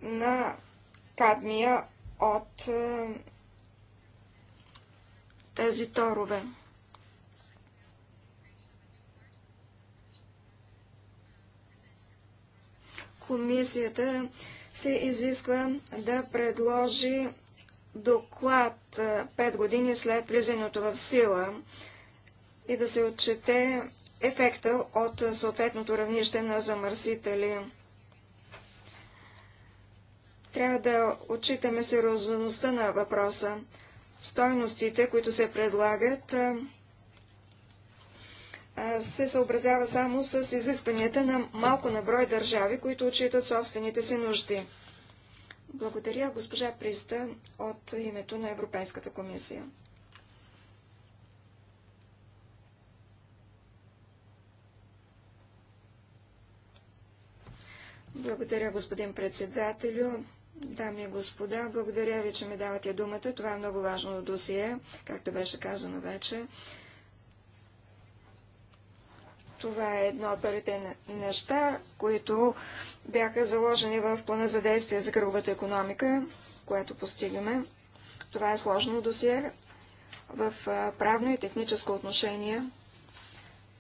на кадмия от е, тези торове. Комисията се изисква да предложи доклад 5 е, години след влизането в сила и да се отчете ефекта от съответното равнище на замърсители. Трябва да отчитаме сериозността на въпроса. Стойностите, които се предлагат, се съобразява само с изискванията на малко на брой държави, които отчитат собствените си нужди. Благодаря госпожа Приста от името на Европейската комисия. Благодаря, господин председателю. Дами и господа, благодаря ви, че ми давате думата. Това е много важно досие, както беше казано вече. Това е едно от първите неща, които бяха заложени в плана за действие за кръговата економика, което постигаме. Това е сложно досие в правно и техническо отношение.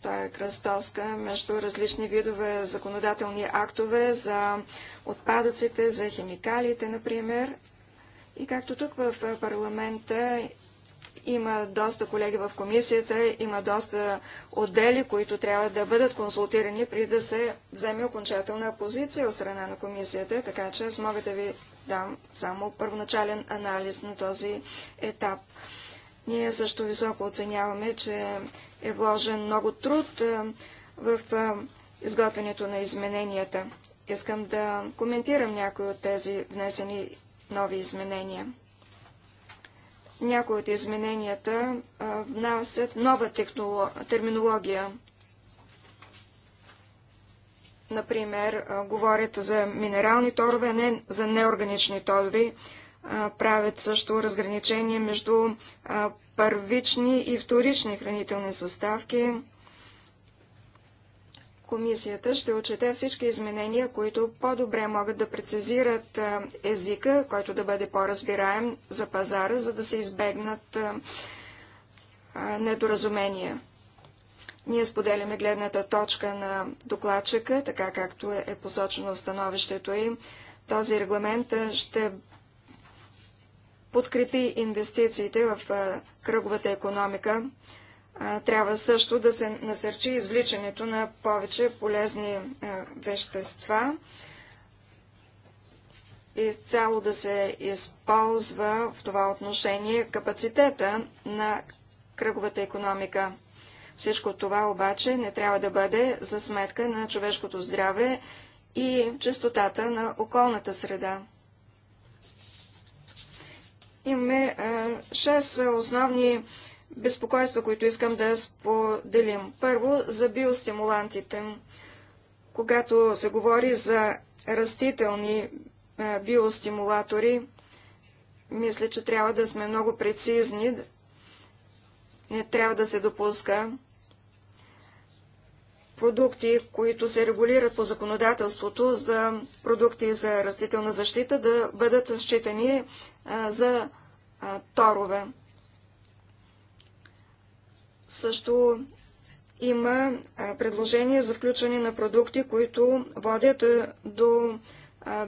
Това е кръстоска между различни видове законодателни актове за отпадъците, за химикалите, например. И както тук в парламента има доста колеги в комисията, има доста отдели, които трябва да бъдат консултирани при да се вземе окончателна позиция от страна на комисията, така че аз мога да ви дам само първоначален анализ на този етап. Ние също високо оценяваме, че е вложен много труд в изготвянето на измененията. Искам да коментирам някои от тези внесени нови изменения. Някои от измененията внасят нова терминология. Например, говорят за минерални торове, а не за неорганични торове. Правят също разграничение между първични и вторични хранителни съставки. Комисията ще отчете всички изменения, които по-добре могат да прецизират езика, който да бъде по-разбираем за пазара, за да се избегнат недоразумения. Ние споделяме гледната точка на докладчика, така както е посочено в становището им. Този регламент ще подкрепи инвестициите в кръговата економика. Трябва също да се насърчи извличането на повече полезни вещества и цяло да се използва в това отношение капацитета на кръговата економика. Всичко това обаче не трябва да бъде за сметка на човешкото здраве и чистотата на околната среда. Имаме 6 основни безпокойства, които искам да споделим. Първо, за биостимулантите. Когато се говори за растителни биостимулатори, мисля, че трябва да сме много прецизни. Не трябва да се допуска продукти, които се регулират по законодателството за продукти за растителна защита, да бъдат считани за торове. Също има предложение за включване на продукти, които водят до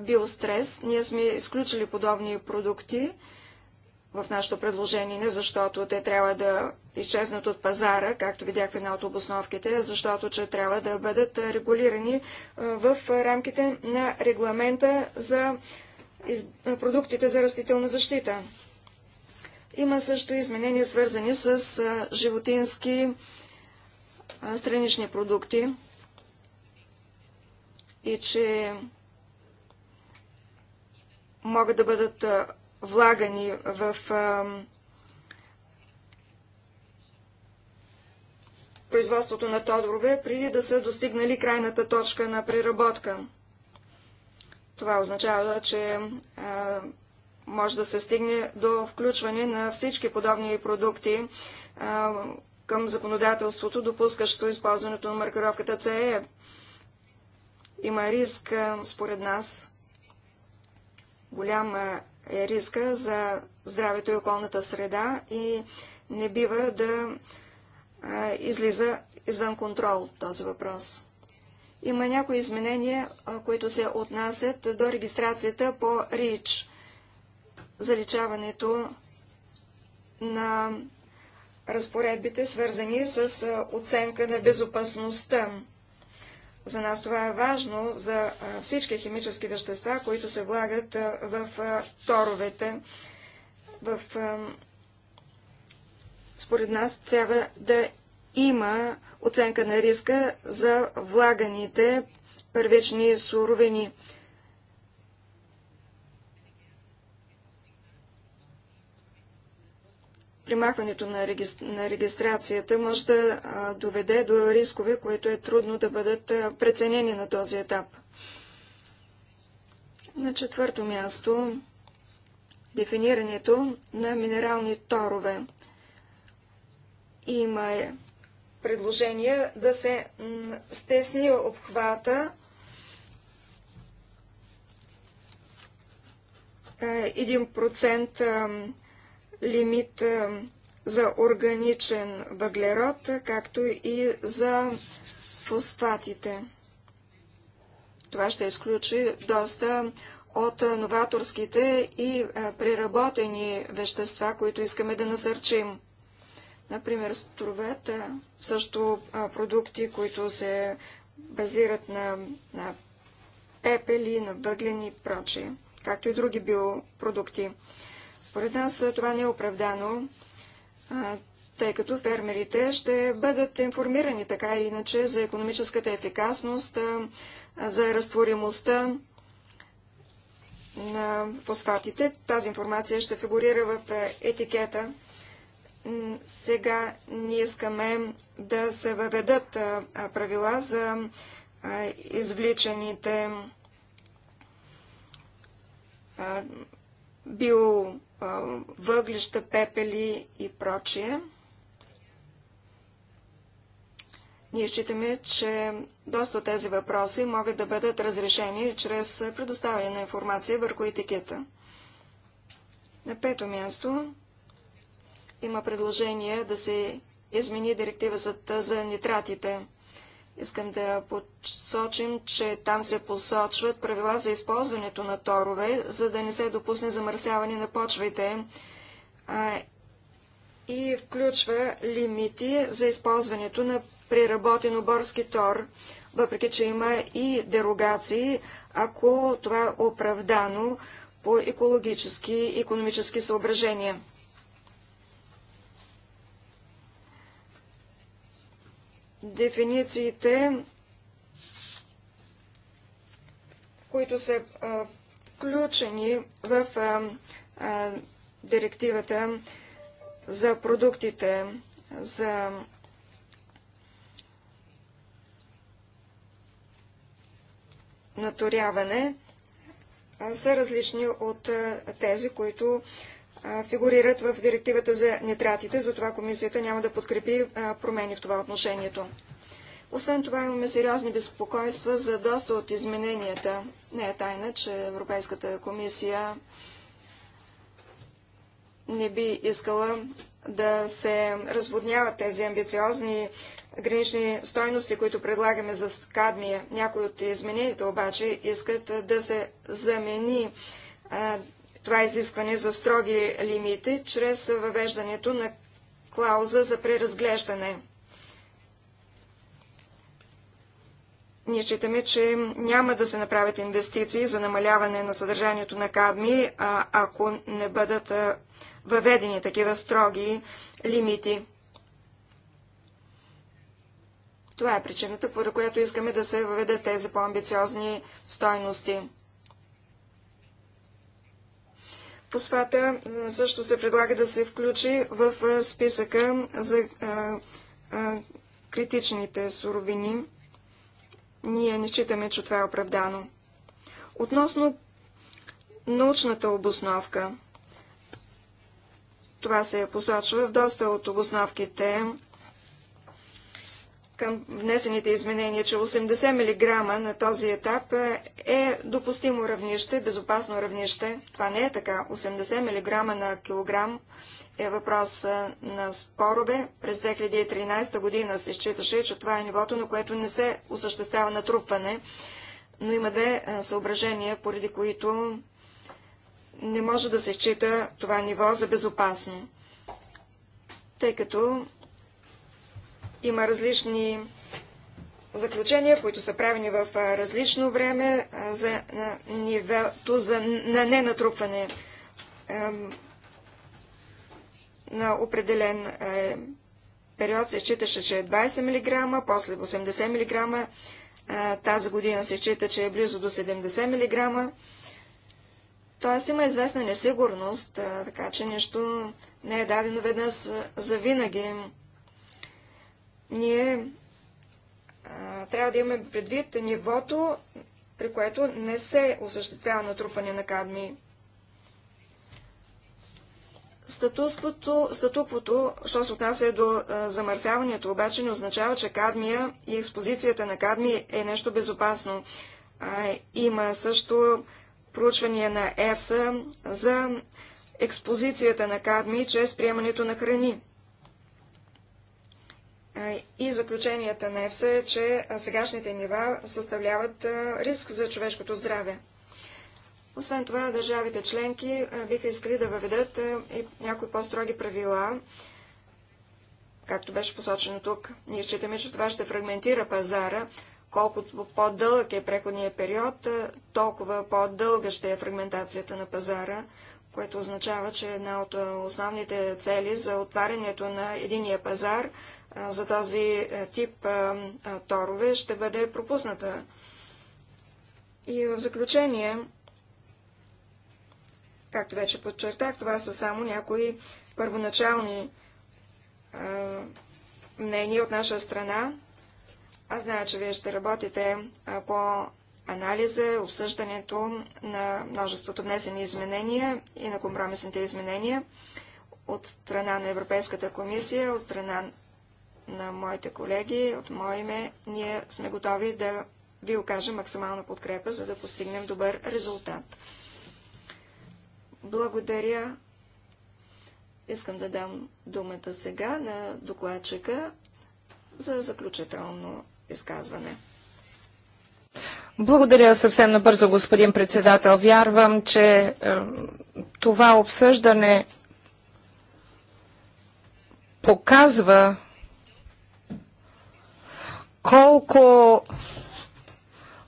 биострес. Ние сме изключили подобни продукти в нашето предложение, не защото те трябва да изчезнат от пазара, както видях в една от обосновките, а защото че трябва да бъдат регулирани в рамките на регламента за продуктите за растителна защита. Има също изменения, свързани с животински странични продукти и че могат да бъдат влагани в производството на тодорове, преди да са достигнали крайната точка на преработка. Това означава, че а, може да се стигне до включване на всички подобни продукти а, към законодателството, допускащо използването на маркировката CE. Има риск, а, според нас, голям е риска за здравето и околната среда и не бива да а, излиза извън контрол този въпрос. Има някои изменения, а, които се отнасят до регистрацията по РИЧ, заличаването на разпоредбите, свързани с оценка на безопасността. За нас това е важно за всички химически вещества, които се влагат в торовете. В, според нас трябва да има оценка на риска за влаганите първични суровини. примахването на, регистр... на регистрацията може да доведе до рискове, които е трудно да бъдат преценени на този етап. На четвърто място дефинирането на минерални торове. Има е предложение да се стесни обхвата е, един процент лимит е, за органичен въглерод, както и за фосфатите. Това ще изключи доста от е, новаторските и е, преработени вещества, които искаме да насърчим. Например, стровета, също продукти, които се базират на, на пепели, на въглени и прочие, както и други биопродукти. Според нас това не е оправдано, тъй като фермерите ще бъдат информирани така или иначе за економическата ефикасност, за разтворимостта на фосфатите. Тази информация ще фигурира в етикета. Сега ние искаме да се въведат правила за извличаните био въглища, пепели и прочие. Ние считаме, че доста от тези въпроси могат да бъдат разрешени чрез предоставяне на информация върху етикета. На пето място има предложение да се измени директивата за нитратите. Искам да посочим, че там се посочват правила за използването на торове, за да не се допусне замърсяване на почвите и включва лимити за използването на преработен борски тор, въпреки че има и дерогации, ако това е оправдано по екологически и економически съображения. дефинициите, които са включени в директивата за продуктите, за наторяване, са различни от тези, които фигурират в директивата за нитратите, затова комисията няма да подкрепи промени в това отношението. Освен това имаме сериозни безпокойства за доста от измененията. Не е тайна, че Европейската комисия не би искала да се разводняват тези амбициозни гранични стойности, които предлагаме за кадмия. Някои от измененията обаче искат да се замени това изискване за строги лимити чрез въвеждането на клауза за преразглеждане. Ние считаме, че няма да се направят инвестиции за намаляване на съдържанието на кадми, а ако не бъдат въведени такива строги лимити. Това е причината, поради която искаме да се въведат тези по-амбициозни стойности. Фосфата също се предлага да се включи в списъка за а, а, критичните суровини. Ние не считаме, че това е оправдано. Относно научната обосновка, това се посочва в доста от обосновките към внесените изменения, че 80 мг на този етап е, е допустимо равнище, безопасно равнище. Това не е така. 80 мг на килограм е въпрос е, на спорове. През 2013 година се считаше, че това е нивото, на което не се осъществява натрупване. Но има две е, съображения, поради които не може да се счита това ниво за безопасно, тъй като има различни заключения, които са правени в различно време за нивето за, на ненатрупване на определен период се считаше, че е 20 мг, после 80 мг, тази година се счита, че е близо до 70 мг. Тоест има известна несигурност, така че нещо не е дадено веднъж за винаги ние а, трябва да имаме предвид нивото, при което не се осъществява натрупване на кадми. Статуството, статуквото, що се отнася до а, замърсяването, обаче не означава, че кадмия и експозицията на кадми е нещо безопасно. А, има също проучвания на ЕФСА за експозицията на кадми чрез приемането на храни. И заключенията на ЕФСА е, че сегашните нива съставляват риск за човешкото здраве. Освен това, държавите членки биха искали да въведат и някои по-строги правила, както беше посочено тук. Ние считаме, че това ще фрагментира пазара. Колкото по-дълъг е преходният период, толкова по-дълга ще е фрагментацията на пазара, което означава, че една от основните цели за отварянето на единия пазар за този е, тип торове ще бъде пропусната. И в заключение, както вече подчертах, това са само някои първоначални мнения от наша страна. Аз знае, че вие ще работите по анализа, обсъждането на множеството внесени изменения и на компромисните изменения от страна на Европейската комисия, от страна на моите колеги, от мое име, ние сме готови да ви окажем максимална подкрепа, за да постигнем добър резултат. Благодаря. Искам да дам думата сега на докладчика за заключително изказване. Благодаря съвсем набързо, господин председател. Вярвам, че е, това обсъждане показва колко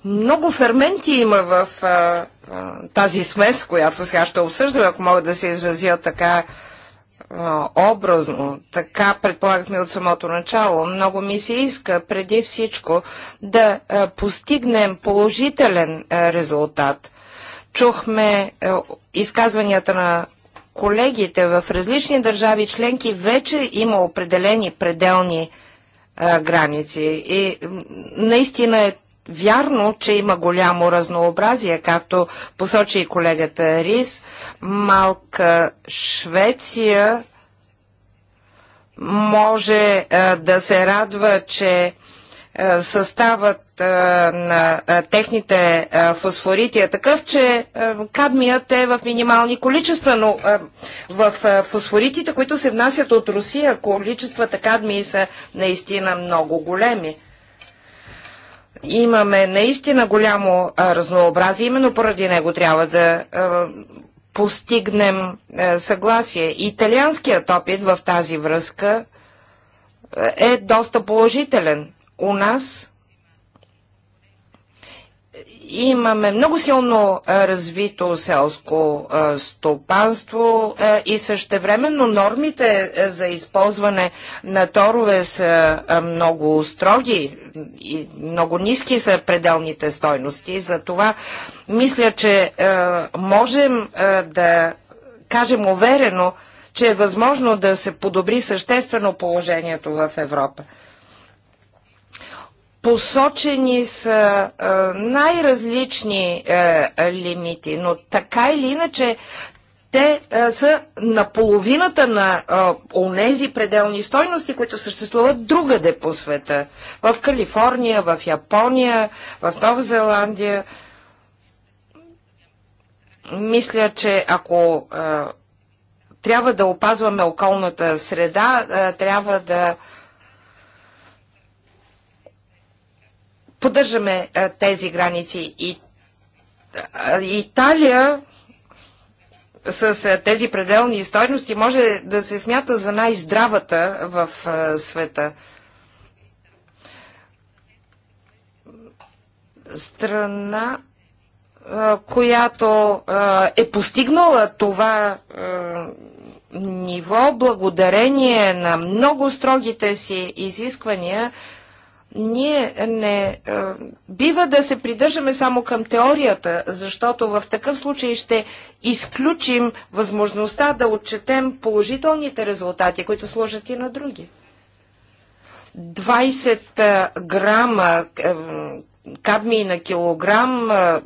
много ферменти има в а, а, тази смес, която сега ще обсъждаме, ако мога да се изразя така а, образно. Така предполагахме от самото начало. Много ми се иска преди всичко да а, постигнем положителен а, резултат. Чухме а, изказванията на колегите в различни държави членки. Вече има определени пределни а, а, граници. И наистина е вярно, че има голямо разнообразие, както посочи и колегата Рис. Малка Швеция може а, да се радва, че е, съставът е, на е, техните фосфорити е такъв, че кадмият е в минимални количества, но в фосфоритите, които се внасят от Русия, количествата кадмии са наистина много големи. Имаме наистина голямо разнообразие, именно поради него трябва да постигнем съгласие. Италианският опит в тази връзка е доста положителен у нас имаме много силно развито селско стопанство и същевременно нормите за използване на торове са много строги и много ниски са пределните стойности. Затова мисля, че можем да кажем уверено, че е възможно да се подобри съществено положението в Европа. Посочени са най-различни е, лимити, но така или иначе те а, е, са на половината на а, е, онези пределни стойности, които съществуват другаде по света. В Калифорния, в Япония, в Нова Зеландия. Мисля, че ако а, трябва да опазваме околната среда, а, трябва да поддържаме тези граници. И Италия с тези пределни стойности може да се смята за най-здравата в света. Страна, която е постигнала това ниво благодарение на много строгите си изисквания ние не а, бива да се придържаме само към теорията, защото в такъв случай ще изключим възможността да отчетем положителните резултати, които служат и на други. 20 грама а, е, кадмий на килограм а,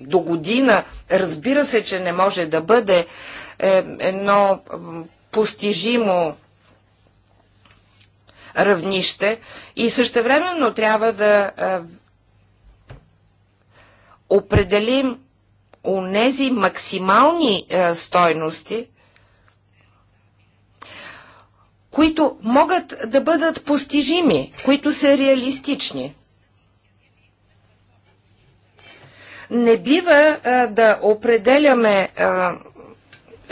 до година, разбира се, че не може да бъде е, едно постижимо равнище и същевременно трябва да определим онези максимални стойности, които могат да бъдат постижими, които са реалистични. Не бива а, да определяме а,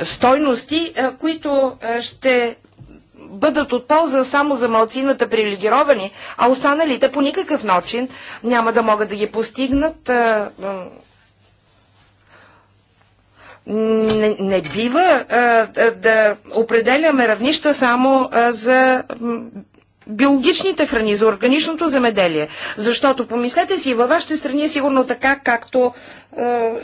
стойности, а, които а, ще бъдат от полза само за малцината привилегировани, а останалите по никакъв начин няма да могат да ги постигнат. Не, не бива да определяме равнища само за биологичните храни, за органичното земеделие. Защото помислете си, във вашите страни е сигурно така, както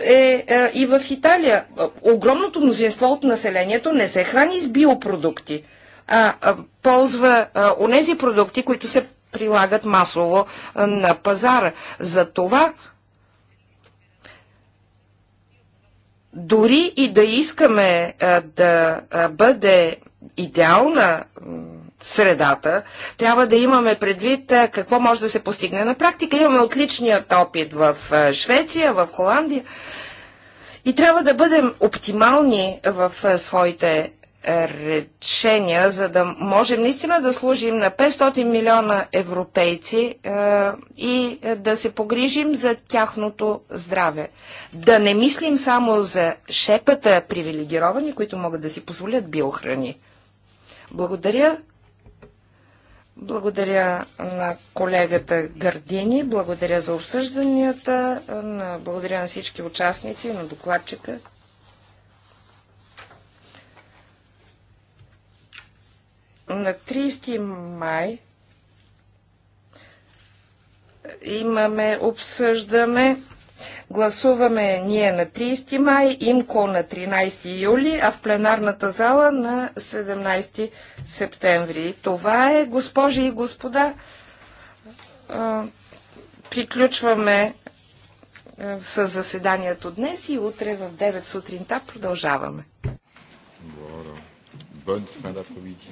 е, е и в Италия. Огромното мнозинство от населението не се храни с биопродукти а, а, ползва а, онези продукти, които се прилагат масово а, на пазара. За това дори и да искаме а, да а, бъде идеална средата, трябва да имаме предвид какво може да се постигне на практика. Имаме отличният опит в Швеция, в Холандия и трябва да бъдем оптимални в своите решения, за да можем наистина да служим на 500 милиона европейци е, и да се погрижим за тяхното здраве. Да не мислим само за шепата привилегировани, които могат да си позволят биохрани. Благодаря. Благодаря на колегата Гардини, благодаря за обсъжданията, благодаря на всички участници, на докладчика. На 30 май имаме, обсъждаме, гласуваме ние на 30 май, имко на 13 юли, а в пленарната зала на 17 септември. И това е, госпожи и господа, приключваме с заседанието днес и утре в 9 сутринта продължаваме bonne fin d'après-midi.